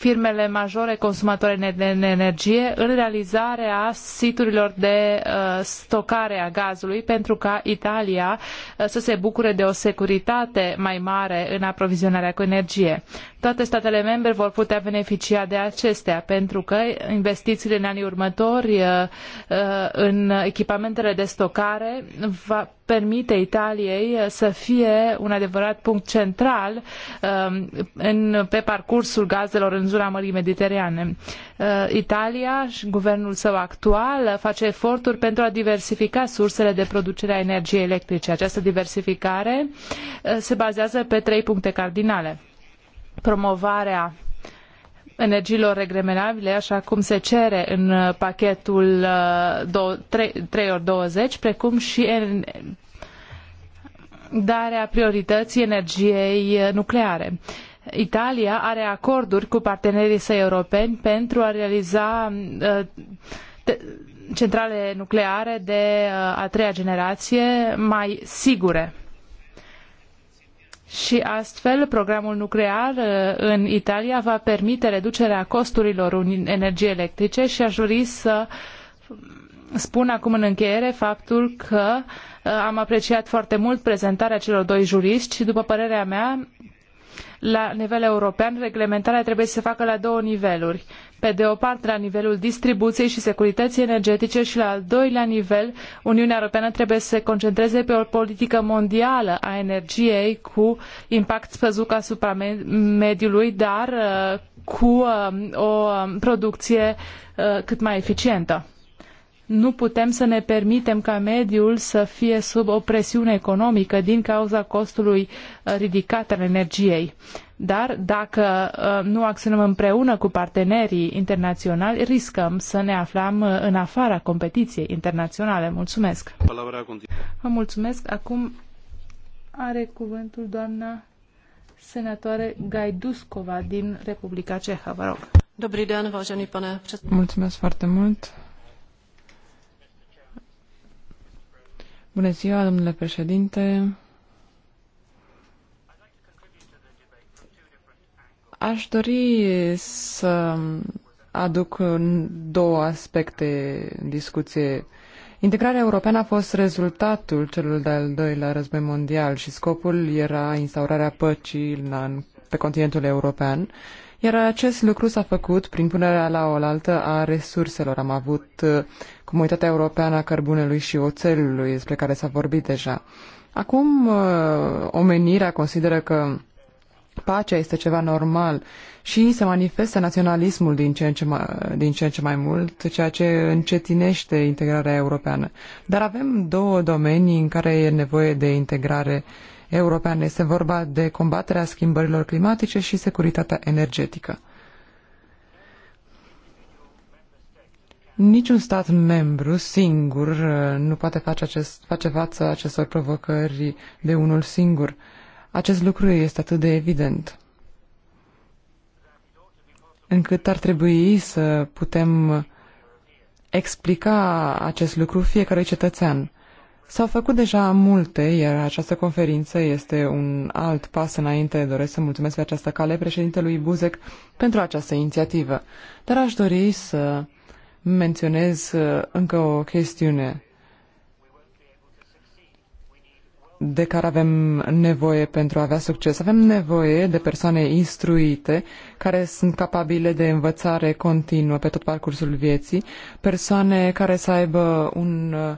firmele majore consumatoare de energie în realizarea siturilor de uh, stocare a gazului pentru ca Italia uh, să se bucure de o securitate mai mare în aprovizionarea cu energie. Toate statele membre vor putea beneficia de acestea pentru că investițiile în anii următori uh, în echipamentele de stocare va permite Italiei să fie un adevărat punct central um, în, pe parcursul gazelor în zona Mării Mediterane. Uh, Italia și guvernul său actual face eforturi pentru a diversifica sursele de producere a energiei electrice. Această diversificare uh, se bazează pe trei puncte cardinale. Promovarea energiilor regremenabile, așa cum se cere în uh, pachetul 3x20, uh, precum și darea priorității energiei uh, nucleare. Italia are acorduri cu partenerii săi europeni pentru a realiza centrale nucleare de a treia generație mai sigure și astfel programul nuclear uh, în Italia va permite reducerea costurilor energiei electrice și aș dori să spun acum în încheiere faptul că uh, am apreciat foarte mult prezentarea celor doi juriști și după părerea mea la nivel european, reglementarea trebuie să se facă la două niveluri. Pe de o parte, la nivelul distribuției și securității energetice și la al doilea nivel, Uniunea Europeană trebuie să se concentreze pe o politică mondială a energiei cu impact spăzuc asupra mediului, dar uh, cu um, o um, producție uh, cât mai eficientă. Nu putem să ne permitem ca mediul să fie sub o presiune economică din cauza costului uh, ridicat al energiei. Dar dacă uh, nu acționăm împreună cu partenerii internaționali, riscăm să ne aflăm uh, în afara competiției internaționale. Mulțumesc! Vă mulțumesc! Acum are cuvântul doamna senatoare Gajduscova din Republica Cehă. Vă rog. Dobrý den, vážený pane Mulțumesc foarte mult, Bună ziua, domnule președinte. Aș dori să aduc două aspecte în discuție. Integrarea europeană a fost rezultatul celul de-al doilea război mondial și scopul era instaurarea păcii pe continentul european, iar acest lucru s-a făcut prin punerea la oaltă a resurselor. Am avut Comunitatea Europeană a Cărbunelui și Oțelului, despre care s-a vorbit deja. Acum, uh, omenirea consideră că pacea este ceva normal și se manifestă naționalismul din ce, în ce mai, din ce în ce mai mult, ceea ce încetinește integrarea europeană. Dar avem două domenii în care e nevoie de integrare europeană. Este vorba de combaterea schimbărilor climatice și securitatea energetică. Niciun stat membru singur uh, nu poate face, acest, face față acestor provocări de unul singur. Acest lucru este atât de evident încât ar trebui să putem explica acest lucru fiecare cetățean. S-au făcut deja multe, iar această conferință este un alt pas înainte. Doresc să mulțumesc pe această cale președintelui Buzek pentru această inițiativă. Dar aș dori să menționez uh, încă o chestiune de care avem nevoie pentru a avea succes. Avem nevoie de persoane instruite care sunt capabile de învățare continuă pe tot parcursul vieții, persoane care să aibă un uh,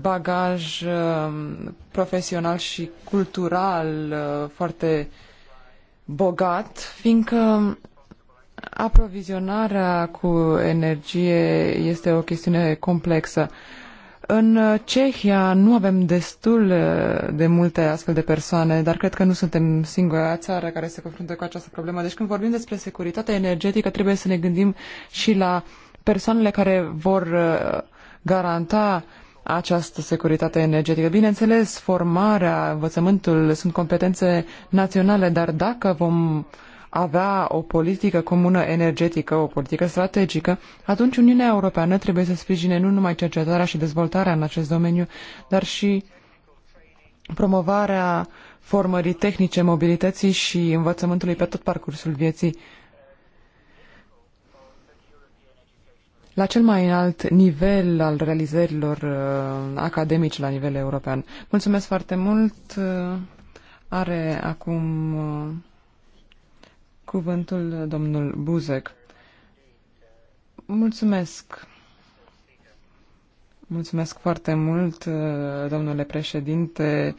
bagaj uh, profesional și cultural foarte bogat, fiindcă Aprovizionarea cu energie este o chestiune complexă. În Cehia nu avem destul uh, de multe astfel de persoane, dar cred că nu suntem singura țară care se confruntă cu această problemă. Deci când vorbim despre securitatea energetică, trebuie să ne gândim și la persoanele care vor uh, garanta această securitate energetică. Bineînțeles, formarea, învățământul sunt competențe naționale, dar dacă vom uh, avea o politică comună energetică, o politică strategică, atunci Uniunea Europeană trebuie să sprijine nu numai cercetarea și dezvoltarea în acest domeniu, dar și promovarea formării tehnice, mobilității și învățământului pe tot parcursul vieții. la cel mai înalt nivel al realizărilor uh, academice la nivel european. Mulțumesc foarte mult. Uh, are acum uh, cuvântul domnul Buzek. Mulțumesc. Mulțumesc foarte mult, domnule președinte,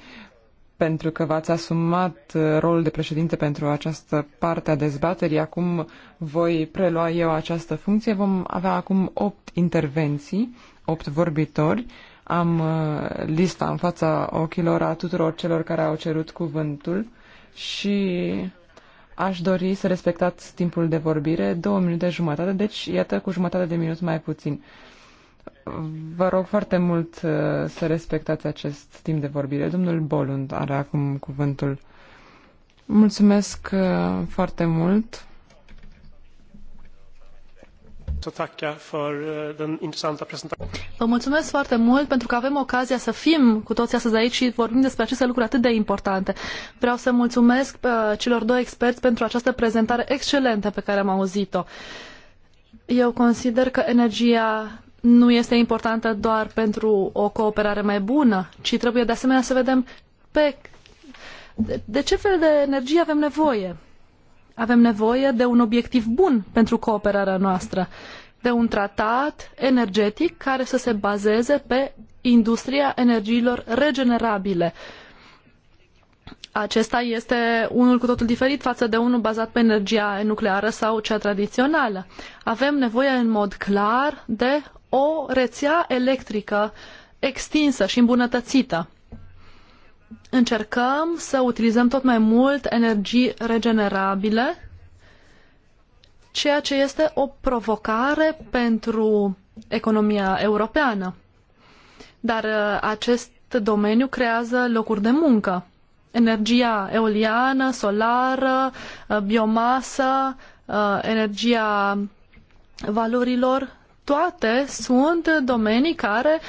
pentru că v-ați asumat rolul de președinte pentru această parte a dezbaterii. Acum voi prelua eu această funcție. Vom avea acum opt intervenții, opt vorbitori. Am uh, lista în fața ochilor a tuturor celor care au cerut cuvântul și Aș dori să respectați timpul de vorbire, două minute jumătate, deci iată cu jumătate de minut mai puțin. Vă rog foarte mult uh, să respectați acest timp de vorbire. Domnul Bolund are acum cuvântul. Mulțumesc uh, foarte mult. Uh, Vă mulțumesc foarte mult pentru că avem ocazia să fim cu toți astăzi aici și vorbim despre aceste lucruri atât de importante. Vreau să mulțumesc uh, celor doi experți pentru această prezentare excelentă pe care am auzit-o. Eu consider că energia nu este importantă doar pentru o cooperare mai bună, ci trebuie de asemenea să vedem pe de ce fel de energie avem nevoie avem nevoie de un obiectiv bun pentru cooperarea noastră, de un tratat energetic care să se bazeze pe industria energiilor regenerabile. Acesta este unul cu totul diferit față de unul bazat pe energia nucleară sau cea tradițională. Avem nevoie în mod clar de o rețea electrică extinsă și îmbunătățită încercăm să utilizăm tot mai mult energii regenerabile, ceea ce este o provocare pentru economia europeană. Dar uh, acest domeniu creează locuri de muncă. Energia eoliană, solară, uh, biomasă, uh, energia valorilor, toate sunt domenii care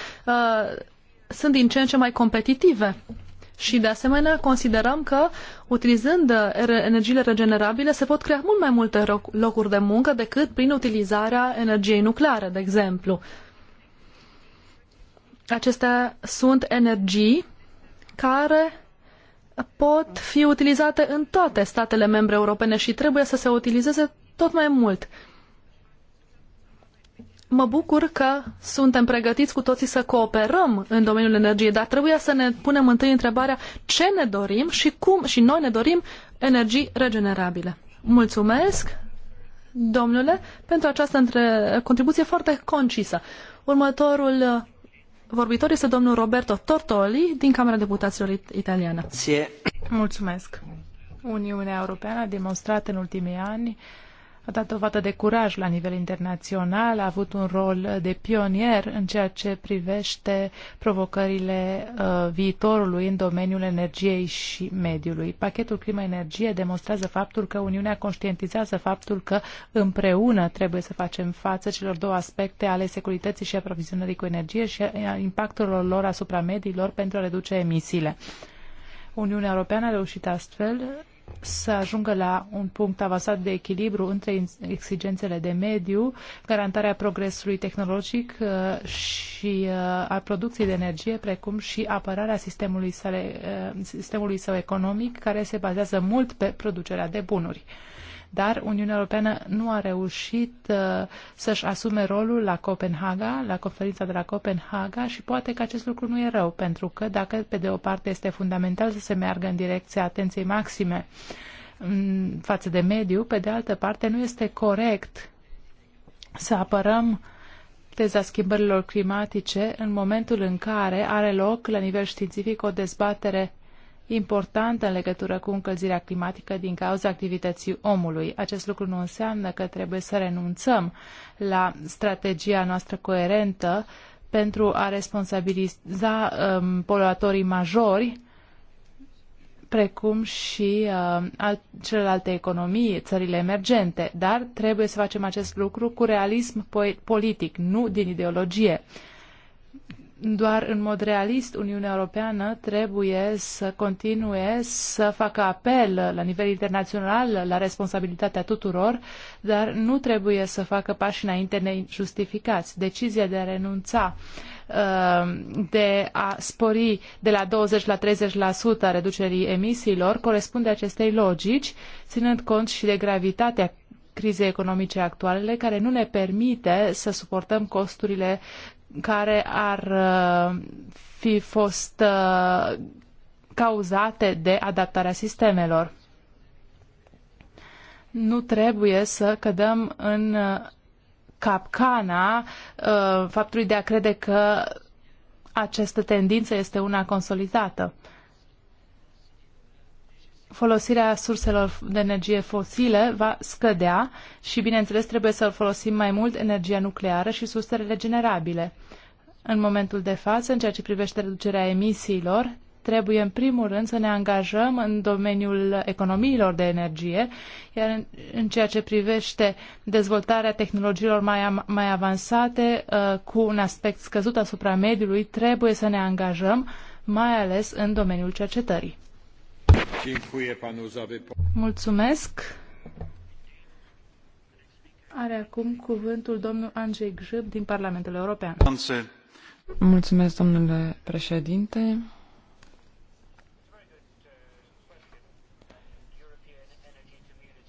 sunt din ce în ce mai competitive și, de asemenea, considerăm că, utilizând uh, energiile regenerabile, se pot crea mult mai multe locuri de muncă decât prin utilizarea energiei nucleare, de exemplu. Acestea sunt energii care pot fi utilizate în toate statele membre europene și trebuie să se utilizeze tot mai mult. Uh, Mă bucur că suntem pregătiți cu toții să cooperăm în domeniul energiei, dar trebuie să ne punem întâi întrebarea ce ne dorim și cum și noi ne dorim energii regenerabile. Mulțumesc, domnule, pentru această între... contribuție foarte concisă. Următorul uh, vorbitor este domnul Roberto Tortoli din Camera Deputaților Italiană. Mulțumesc. Uniunea Europeană a demonstrat în ultimii ani a dat o vată de curaj la nivel internațional, a avut un rol de pionier în ceea ce privește provocările uh, viitorului în domeniul energiei și mediului. Pachetul Clima-Energie demonstrează faptul că Uniunea conștientizează faptul că împreună trebuie să facem față celor două aspecte ale securității și aprovizionării cu energie și a impactelor lor asupra mediilor pentru a reduce emisiile. Uniunea Europeană a reușit astfel să ajungă la un punct avansat de echilibru între exigențele de mediu, garantarea progresului tehnologic uh, și uh, a producției de energie, precum și apărarea sistemului sale, uh, sistemului său economic, care se bazează mult pe producerea de bunuri dar Uniunea Europeană nu a reușit uh, să-și asume rolul la Copenhaga, la conferința de la Copenhaga și poate că acest lucru nu e rău, pentru că dacă pe de o parte este fundamental să se meargă în direcția atenției maxime mm, față de mediu, pe de altă parte nu este corect să apărăm teza schimbărilor climatice în momentul în care are loc la nivel științific o dezbatere importantă în legătură cu încălzirea climatică din cauza activității omului. Acest lucru nu înseamnă că trebuie să renunțăm la strategia noastră coerentă pentru a responsabiliza um, poluatorii majori precum și uh, al, celelalte economii, țările emergente, dar trebuie să facem acest lucru cu realism politic, nu din ideologie. Uh, doar în mod realist Uniunea Europeană trebuie să continue să facă apel la nivel internațional la responsabilitatea tuturor, dar nu trebuie să facă pași înainte nejustificați. Decizia de a renunța uh, de a spori de la 20 la 30% reducerii emisiilor corespunde acestei logici, ținând cont și de gravitatea crizei economice actuale care nu ne permite să suportăm costurile care ar uh, fi fost uh, cauzate de adaptarea sistemelor. Nu trebuie să cădem în uh, capcana faptului de a crede că această tendință este una consolidată folosirea surselor de energie fosile va scădea și, bineînțeles, trebuie să folosim mai mult energia nucleară și sursele regenerabile. În momentul de față, în ceea ce privește reducerea emisiilor, trebuie în primul rând să ne angajăm în domeniul economiilor de energie, iar în, în ceea ce privește dezvoltarea tehnologiilor mai, mai avansate uh, cu un aspect scăzut asupra mediului, trebuie să ne angajăm mai ales în domeniul cercetării. Mulțumesc. Are acum cuvântul domnul Andrzej Grzyb din Parlamentul European. Mulțumesc, domnule președinte.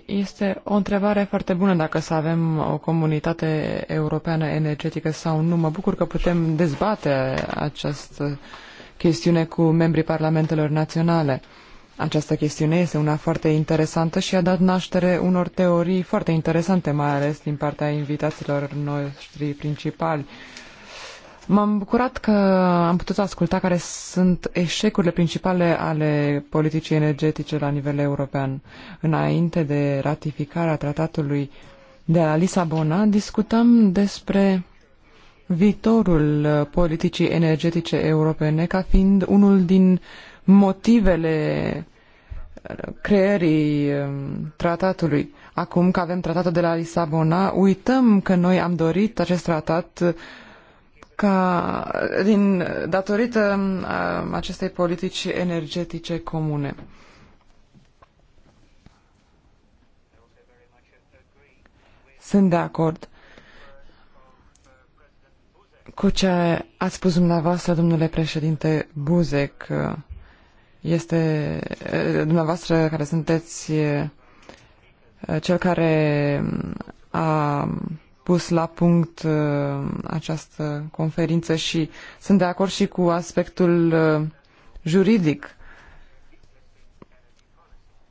Este o întrebare foarte bună dacă să avem o comunitate europeană energetică sau nu. Mă bucur că putem dezbate această chestiune cu membrii parlamentelor naționale. Această chestiune este una foarte interesantă și a dat naștere unor teorii foarte interesante, mai ales din partea invitaților noștri principali. M-am bucurat că am putut asculta care sunt eșecurile principale ale politicii energetice la nivel european. Înainte de ratificarea tratatului de la Lisabona, discutăm despre viitorul politicii energetice europene ca fiind unul din uh, motivele uh, creării um, tratatului. Acum că avem tratatul de la Lisabona, uităm că noi am dorit acest tratat uh, ca din datorită um, acestei politici energetice comune. Sunt de acord cu ce a spus dumneavoastră, domnule președinte Buzek, uh, este dumneavoastră care sunteți cel care a pus la punct această conferință și sunt de acord și cu aspectul juridic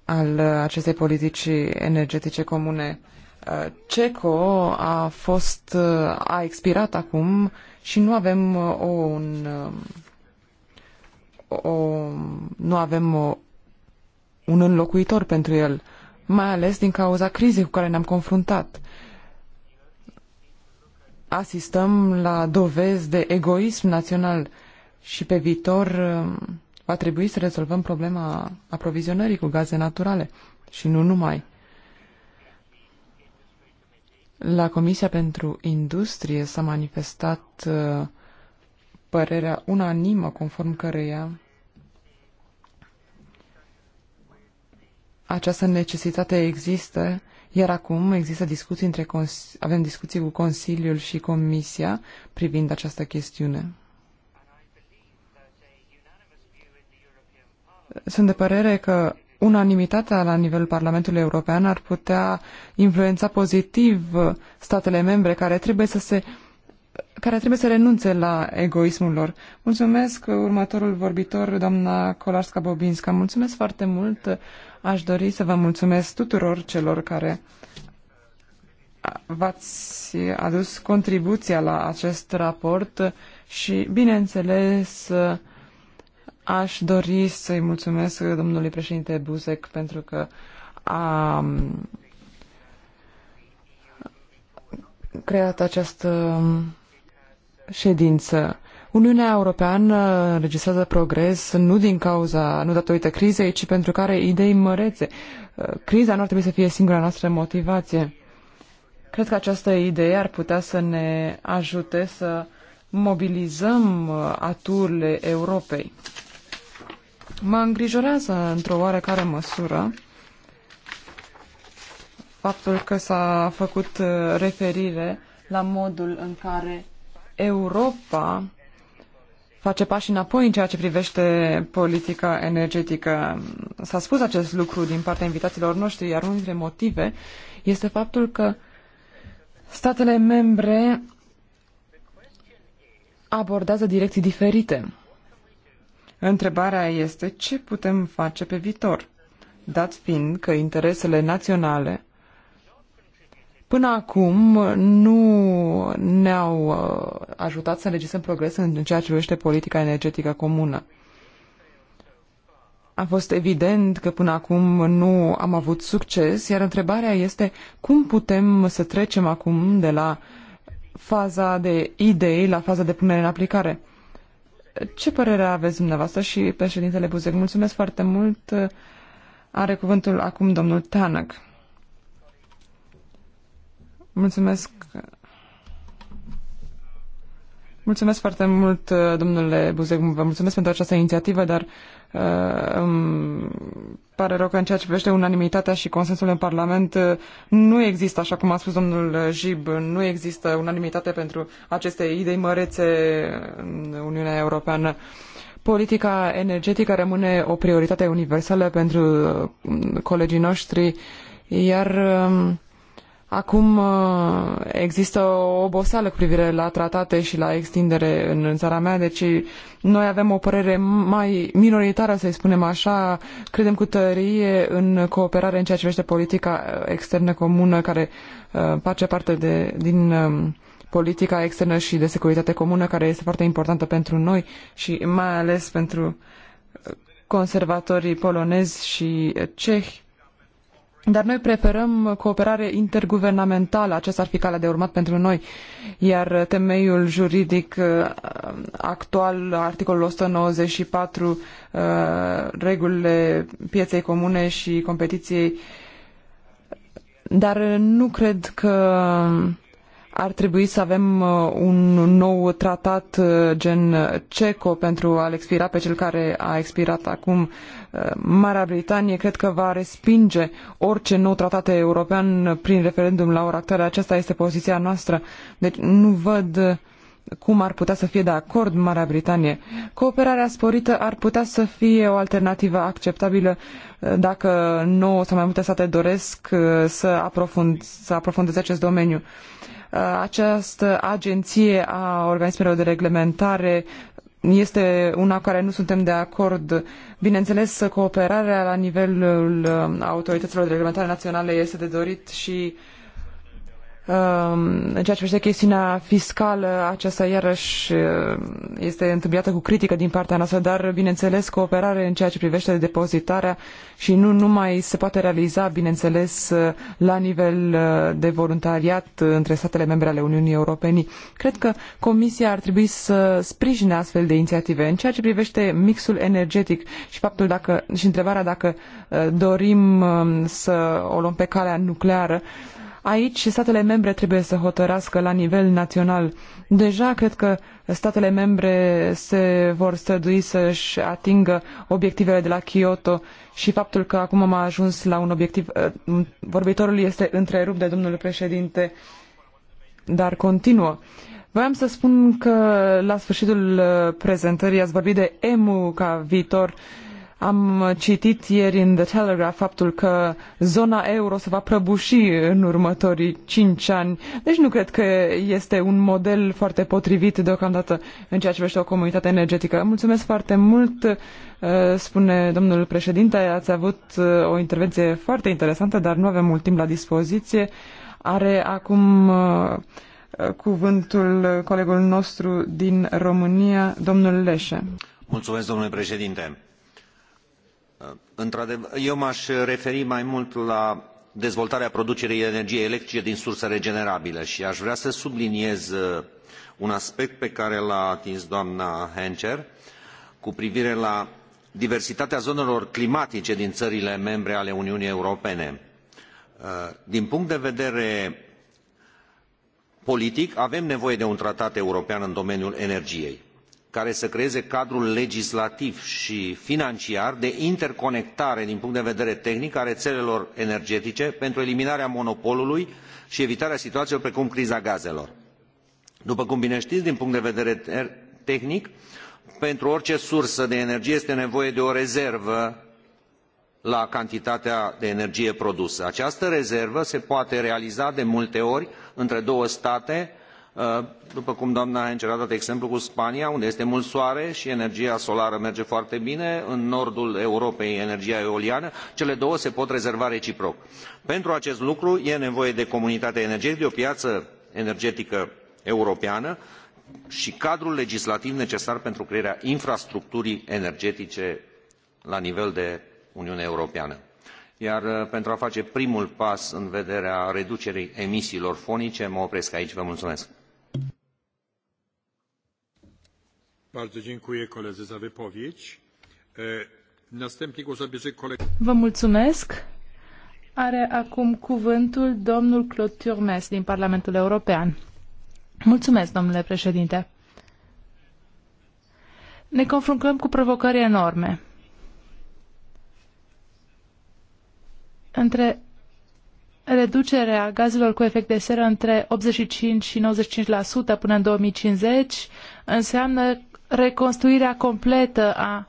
al acestei politici energetice comune. CECO a fost a expirat acum și nu avem o, un o, nu avem o, un înlocuitor pentru el, mai ales din cauza crizei cu care ne-am confruntat. Asistăm la dovezi de egoism național și pe viitor um, va trebui să rezolvăm problema aprovizionării cu gaze naturale și nu numai. La Comisia pentru Industrie s-a manifestat uh, părerea unanimă conform căreia această necesitate există, iar acum există discuții între avem discuții cu Consiliul și Comisia privind această chestiune. Sunt de părere că unanimitatea la nivelul Parlamentului European ar putea influența pozitiv statele membre care trebuie să se uh, care trebuie să renunțe la egoismul lor. Mulțumesc uh, următorul vorbitor, doamna Kolarska-Bobinska. Mulțumesc foarte mult. Aș dori să vă mulțumesc tuturor celor care v-ați adus contribuția la acest raport și, bineînțeles, aș dori să-i mulțumesc domnului președinte Buzek pentru că a um, creat această um, ședință. Uniunea Europeană înregistrează progres nu din cauza, nu datorită crizei, ci pentru care idei mărețe. Criza nu ar trebui să fie singura noastră motivație. Cred că această idee ar putea să ne ajute să mobilizăm aturile Europei. Mă îngrijorează într-o oarecare măsură faptul că s-a făcut referire la modul în care Europa face pași înapoi în ceea ce privește politica energetică. S-a spus acest lucru din partea invitaților noștri, iar unul dintre motive este faptul că statele membre abordează direcții diferite. Întrebarea este ce putem face pe viitor, dat fiind că interesele naționale Până acum nu ne-au uh, ajutat să înregistrăm progres în ceea ce privește politica energetică comună. A fost evident că până acum nu am avut succes, iar întrebarea este cum putem să trecem acum de la faza de idei la faza de punere în aplicare. Ce părere aveți dumneavoastră și președintele Buzek? Mulțumesc foarte mult. Are cuvântul acum domnul Tanăc. Mulțumesc. Mulțumesc foarte mult, uh, domnule Buzec, vă mulțumesc pentru această inițiativă, dar uh, îmi pare rău că în ceea ce privește unanimitatea și consensul în Parlament uh, nu există, așa cum a spus domnul Jib, nu există unanimitate pentru aceste idei mărețe în Uniunea Europeană. Politica energetică rămâne o prioritate universală pentru colegii noștri, iar uh, Acum uh, există o oboseală cu privire la tratate și la extindere în țara mea, deci noi avem o părere mai minoritară, să-i spunem așa. Credem cu tărie în cooperare în ceea ce privește politica uh, externă comună, care uh, face parte de, din um, politica externă și de securitate comună, care este foarte importantă pentru noi și mai ales pentru conservatorii polonezi și cehi dar noi preferăm cooperare interguvernamentală, aceasta ar fi calea de urmat pentru noi, iar temeiul juridic uh, actual, articolul 194, uh, regulile pieței comune și competiției, dar nu cred că ar trebui să avem uh, un nou tratat uh, gen CECO pentru a-l expira pe cel care a expirat acum. Uh, Marea Britanie cred că va respinge orice nou tratat european prin referendum la ora actuală. Aceasta este poziția noastră. Deci nu văd cum ar putea să fie de acord Marea Britanie. Cooperarea sporită ar putea să fie o alternativă acceptabilă dacă nouă sau mai multe state doresc să, aprofund, să aprofundeze acest domeniu. Uh, această agenție a organismelor de reglementare este una cu care nu suntem de acord. Bineînțeles, cooperarea la nivelul uh, autorităților de reglementare naționale este de dorit și uh, Ehm, în ceea ce privește chestiunea fiscală, aceasta iarăși eh, este întâmplată cu critică din partea noastră, dar bineînțeles cooperare în ceea ce privește depozitarea și nu numai se poate realiza, bineînțeles, eh, la nivel eh, de voluntariat între statele membre ale Uniunii Europene. Cred că Comisia ar trebui să sprijine astfel de inițiative. În ceea ce privește mixul energetic și faptul dacă și întrebarea dacă dorim să o luăm pe calea nucleară, Aici statele membre trebuie să hotărască la nivel național. Deja cred că statele membre se vor strădui să-și atingă obiectivele de la Kyoto și faptul că acum am ajuns la un obiectiv... Ă, vorbitorul este întrerupt de domnul președinte, dar continuă. Voiam să spun că la sfârșitul ă, prezentării ați vorbit de EMU ca viitor uh, am citit ieri în The Telegraph faptul că zona euro se va prăbuși în următorii cinci ani, deci nu cred că este un model foarte potrivit deocamdată în ceea ce privește o comunitate energetică. Mulțumesc foarte mult, uh, spune domnul președinte, ați avut uh, o intervenție foarte interesantă, dar nu avem mult timp la dispoziție. Are acum uh, cuvântul colegul nostru din România, domnul Leșe. Mulțumesc, domnule președinte Uh, eu m a referi mai mult la dezvoltarea producerii energiei electrice din surse regenerabile și aș vrea să subliniez uh, un aspect pe care l a atins doamna hencher cu privire la diversitatea zonelor climatice din țările membre ale uniunii europene. Uh, din punct de vedere politic avem nevoie de un tratat european în domeniul energiei care să creeze cadrul legislativ i financiar de interconectare din punct de vedere tehnic a reelelor energetice pentru eliminarea monopolului i evitarea situaiilor precum criza gazelor. după cum bine tii din punct de vedere tehnic pentru orice sursă de energie este nevoie de o rezervă la cantitatea de energie produsă. această rezervă se poate realiza de multe ori între două state Uh, după cum doamna Encer a dat exemplu cu Spania, unde este mult soare și energia solară merge foarte bine, în nordul Europei energia eoliană, cele două se pot rezerva reciproc. Pentru acest lucru e nevoie de comunitate energetică, de o piață energetică europeană și cadrul legislativ necesar pentru crearea infrastructurii energetice la nivel de Uniune Europeană iar uh, pentru a face primul pas în vederea reducerii emisiilor fonice mă opresc aici. Vă mulțumesc. Vă mulțumesc. Are acum cuvântul domnul Claude Turmes din Parlamentul European. Mulțumesc, domnule președinte. Ne confruntăm cu provocări enorme. Între reducerea gazelor cu efect de seră între 85 și 95% până în 2050 înseamnă reconstruirea completă a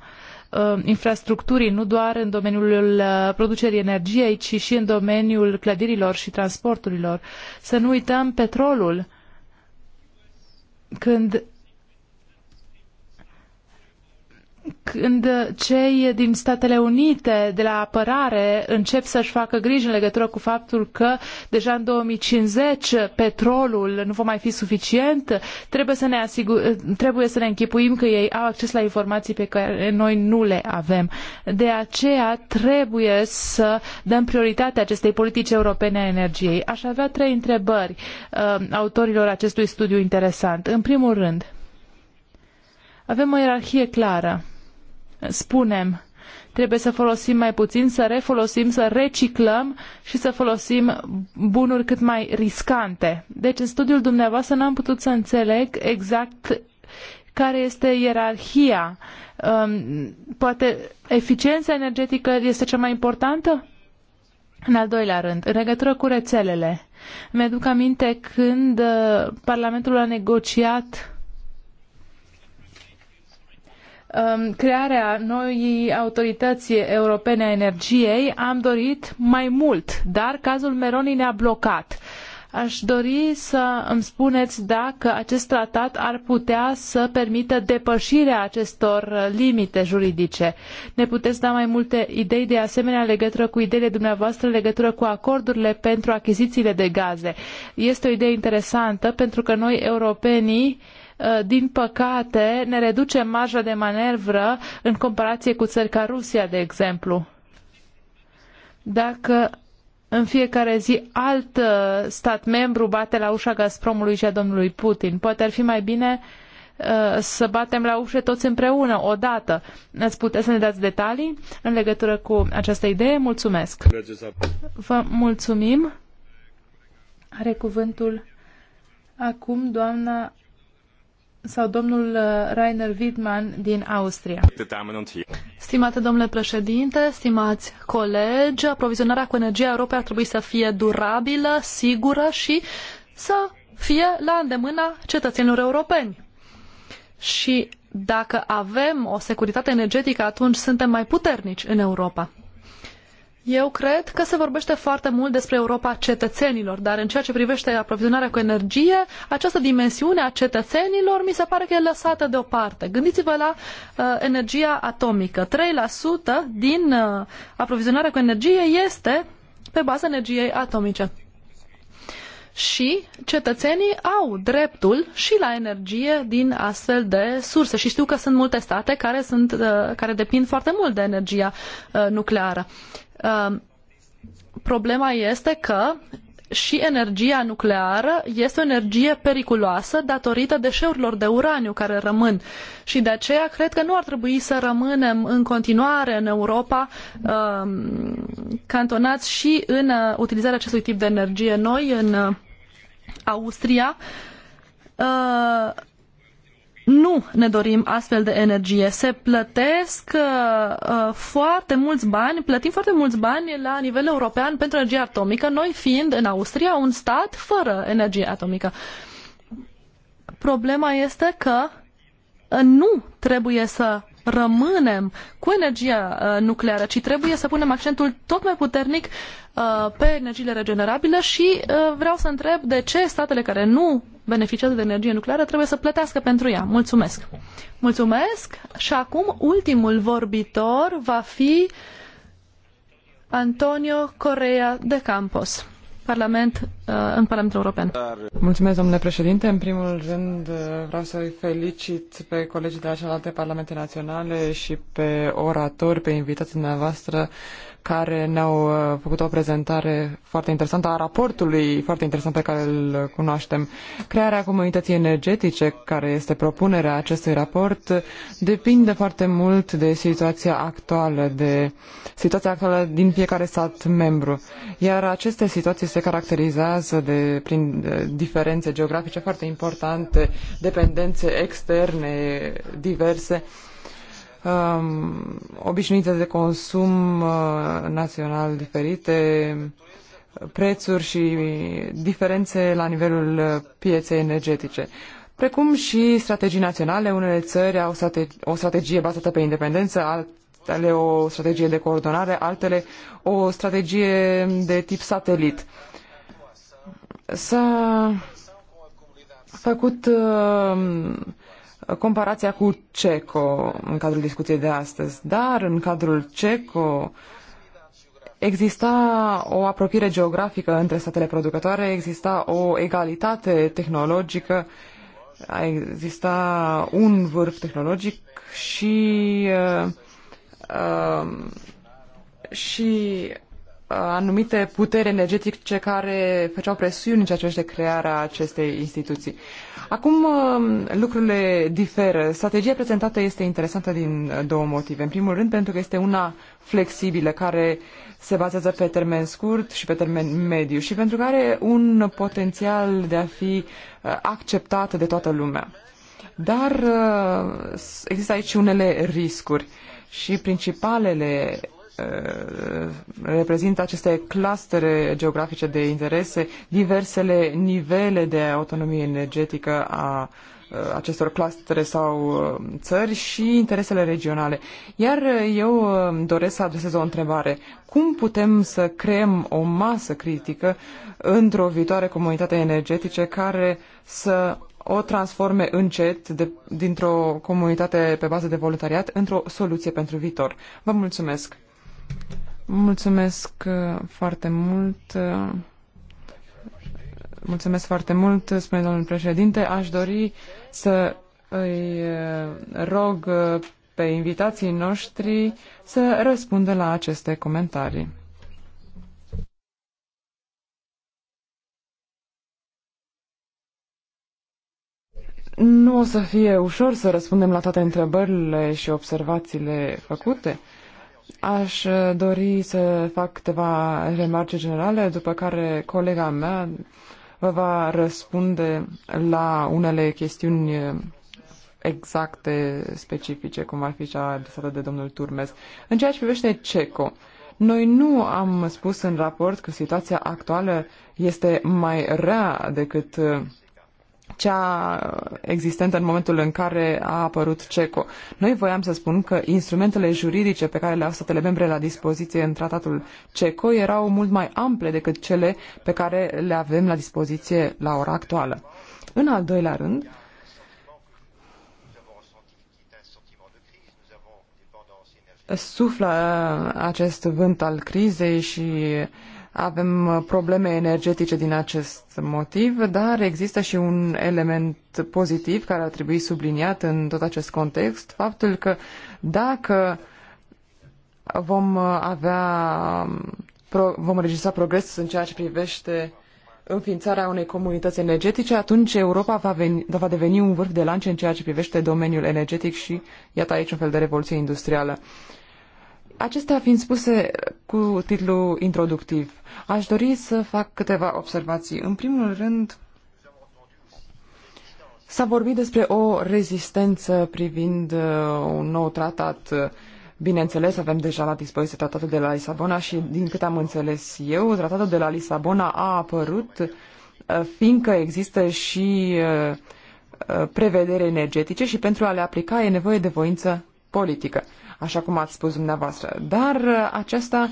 infrastructurii, nu doar în domeniul uh, producerii energiei, ci și în domeniul clădirilor și transporturilor. Să nu uităm petrolul. Când când cei din Statele Unite de la apărare încep să-și facă griji în legătură cu faptul că deja în 2050 petrolul nu va mai fi suficient, trebuie să ne, asigur, trebuie să ne închipuim că ei au acces la informații pe care noi nu le avem. De aceea trebuie să dăm prioritate acestei politici europene a energiei. Aș avea trei întrebări uh, autorilor acestui studiu interesant. În primul rând, avem o ierarhie clară spunem trebuie să folosim mai puțin, să refolosim, să reciclăm și să folosim bunuri cât mai riscante. Deci în studiul dumneavoastră n-am putut să înțeleg exact care este ierarhia. Um, poate eficiența energetică este cea mai importantă? În al doilea rând, în legătură cu rețelele. Mi-aduc aminte când uh, Parlamentul a negociat Um, crearea noii autorități europene a energiei am dorit mai mult, dar cazul Meroni ne-a blocat. Aș dori să îmi spuneți dacă acest tratat ar putea să permită depășirea acestor uh, limite juridice. Ne puteți da mai multe idei de asemenea legătură cu ideile dumneavoastră, legătură cu acordurile pentru achizițiile de gaze. Este o idee interesantă pentru că noi europenii uh, Eh, din păcate, ne reduce marja de manevră în comparație cu țări ca Rusia, de exemplu. Dacă în fiecare zi alt eh, stat membru bate la ușa Gazpromului și a domnului Putin, poate ar fi mai bine eh, să batem la ușă toți împreună, odată. Ați putea să ne dați detalii în legătură cu această idee? Mulțumesc! Vă mulțumim! Are cuvântul acum doamna sau domnul uh, Rainer Wittmann din Austria. Stimate domnule președinte, stimați colegi, aprovizionarea cu energie a Europei ar trebui să fie durabilă, sigură și să fie la îndemâna cetățenilor europeni. Și dacă avem o securitate energetică, atunci suntem mai puternici în Europa. Eu cred că se vorbește foarte mult despre Europa cetățenilor, dar în ceea ce privește aprovizionarea cu energie, această dimensiune a cetățenilor mi se pare că e lăsată deoparte. Gândiți-vă la uh, energia atomică. 3% din uh, aprovizionarea cu energie este pe baza energiei atomice și cetățenii au dreptul și la energie din astfel de surse. Și știu că sunt multe state care, sunt, uh, care depind foarte mult de energia uh, nucleară. Uh, problema este că și energia nucleară este o energie periculoasă datorită deșeurilor de uraniu care rămân. Și de aceea cred că nu ar trebui să rămânem în continuare în Europa um, cantonați și în uh, utilizarea acestui tip de energie. Noi, în uh, Austria, uh, nu ne dorim astfel de energie. Se plătesc uh, uh, foarte mulți bani, plătim foarte mulți bani la nivel european pentru energie atomică, noi fiind în Austria un stat fără energie atomică. Problema este că uh, nu trebuie să rămânem cu energia uh, nucleară, ci trebuie să punem accentul tot mai puternic pe energiile regenerabile și vreau să întreb de ce statele care nu beneficiază de energie nucleară trebuie să plătească pentru ea. Mulțumesc! Mulțumesc! Și acum ultimul vorbitor va fi Antonio Correa de Campos. Parlament, uh, în Parlamentul European. Mulțumesc, domnule președinte. În primul rând uh, vreau să-i felicit pe colegii de la celelalte parlamente naționale și pe oratori, pe invitații dumneavoastră care ne-au uh, făcut o prezentare foarte interesantă a raportului foarte interesant pe care îl cunoaștem. Crearea comunității energetice, care este propunerea acestui raport, depinde foarte mult de situația actuală, de situația actuală din fiecare stat membru. Iar aceste situații se caracterizează de, prin diferențe geografice foarte importante, dependențe externe diverse, um, obișnuințe de consum uh, național diferite, prețuri și diferențe la nivelul pieței energetice precum și strategii naționale. Unele țări au strate- o strategie bazată pe independență, alt, ale o strategie de coordonare, altele o strategie de tip satelit. S-a făcut uh, comparația cu CECO în cadrul discuției de astăzi, dar în cadrul CECO exista o apropiere geografică între statele producătoare, exista o egalitate tehnologică, exista un vârf tehnologic și uh, Um, și uh, anumite puteri energetice care făceau presiuni în ceea ce privește crearea acestei instituții. Acum um, lucrurile diferă. Strategia prezentată este interesantă din uh, două motive. În primul rând pentru că este una flexibilă care se bazează pe termen scurt și pe termen mediu și pentru că are un potențial de a fi uh, acceptată de toată lumea. Dar există aici unele riscuri și principalele uh, reprezintă aceste clustere geografice de interese, diversele nivele de autonomie energetică a uh, acestor clustere sau uh, țări și interesele regionale. Iar eu doresc să adresez o întrebare. Cum putem să creăm o masă critică într-o viitoare comunitate energetice care să o transforme încet de, dintr-o comunitate pe bază de voluntariat într-o soluție pentru viitor. Vă mulțumesc! Mulțumesc uh, foarte mult! Uh, mulțumesc foarte mult, spune domnul președinte. Aș dori să îi uh, rog pe invitații noștri să răspundă la aceste comentarii. Nu o să fie ușor să răspundem la toate întrebările și observațiile făcute. Aș uh, dori să fac câteva remarce generale, după care colega mea vă va răspunde la unele chestiuni uh, exacte, specifice, cum ar fi cea adresată de domnul Turmes. În ceea ce privește CECO, noi nu am spus în raport că situația actuală este mai rea decât uh, cea existentă în momentul în care a apărut CECO. Noi voiam să spun că instrumentele juridice pe care le au statele membre la dispoziție în tratatul CECO erau mult mai ample decât cele pe care le avem la dispoziție la ora actuală. În al doilea rând, suflă acest vânt al crizei și avem uh, probleme energetice din acest motiv, dar există și un element pozitiv care ar trebui subliniat în tot acest context, faptul că dacă vom uh, avea um, vom registra progres în ceea ce privește înființarea unei comunități energetice, atunci Europa va, veni, va deveni un vârf de lance în ceea ce privește domeniul energetic și iată aici un fel de revoluție industrială. Uh, Acestea fiind spuse cu titlu introductiv, aș dori să fac câteva observații. În primul rând, s-a vorbit despre o rezistență privind uh, un nou tratat. Bineînțeles, avem deja la dispoziție tratatul de la Lisabona și, din câte am înțeles eu, tratatul de la Lisabona a apărut uh, fiindcă există și uh, prevedere energetice și pentru a le aplica e nevoie de voință politică așa cum ați spus dumneavoastră. Dar uh, aceasta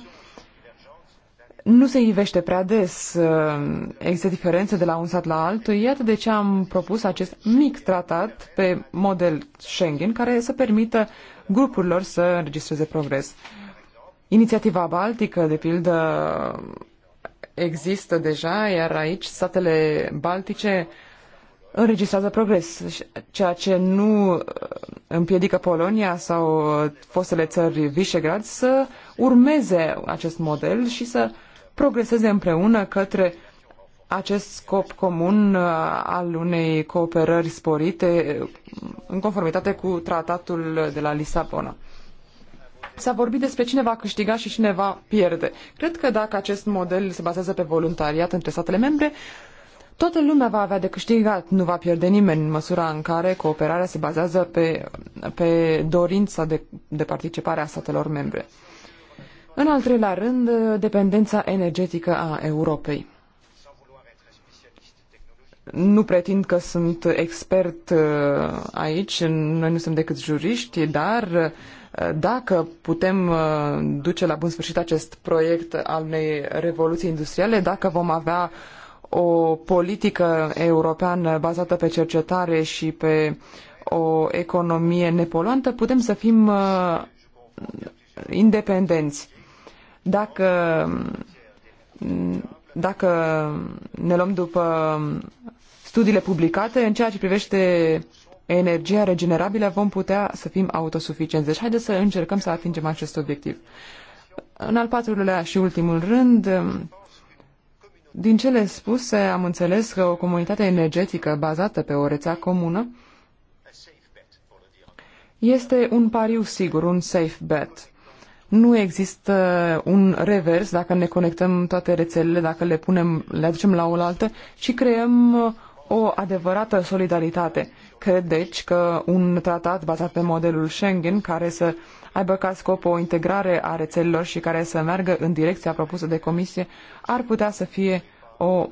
nu se ivește prea des. Uh, există diferențe de la un sat la altul. Iată de ce am propus acest mic tratat pe model Schengen care să permită grupurilor să înregistreze progres. Inițiativa Baltică, de pildă, există deja, iar aici statele baltice uh, înregistrează progres, ceea ce nu uh, împiedică Polonia sau uh, fostele țări Visegrad să urmeze acest model și să progreseze împreună către acest scop comun uh, al unei cooperări sporite în conformitate cu tratatul de la Lisabona. S-a vorbit despre cine va câștiga și cine va pierde. Cred că dacă acest model se bazează pe voluntariat între statele membre, Toată lumea va avea de câștigat, nu va pierde nimeni în măsura în care cooperarea se bazează pe, pe dorința de, de participare a statelor membre. În al treilea rând, dependența energetică a Europei. Nu pretind că sunt expert uh, aici, noi nu suntem decât juriști, dar uh, dacă putem uh, duce la bun sfârșit acest proiect al unei revoluții industriale, dacă vom avea uh, o politică europeană bazată pe cercetare și pe o economie nepoluantă, putem să fim uh, independenți. Dacă, mm, dacă ne luăm după studiile publicate, în ceea ce privește energia regenerabilă, vom putea să fim autosuficienți. Deci haideți să încercăm să atingem acest obiectiv. În al patrulea și ultimul rând, din cele spuse, am înțeles că o comunitate energetică bazată pe o rețea comună este un pariu sigur, un safe bet. Nu există un revers dacă ne conectăm toate rețelele, dacă le, punem, le aducem la oaltă și creăm o adevărată solidaritate. Cred deci că un tratat bazat pe modelul Schengen, care să uh, aibă ca scop o integrare a rețelelor și care să meargă în direcția propusă de comisie, ar putea să fie o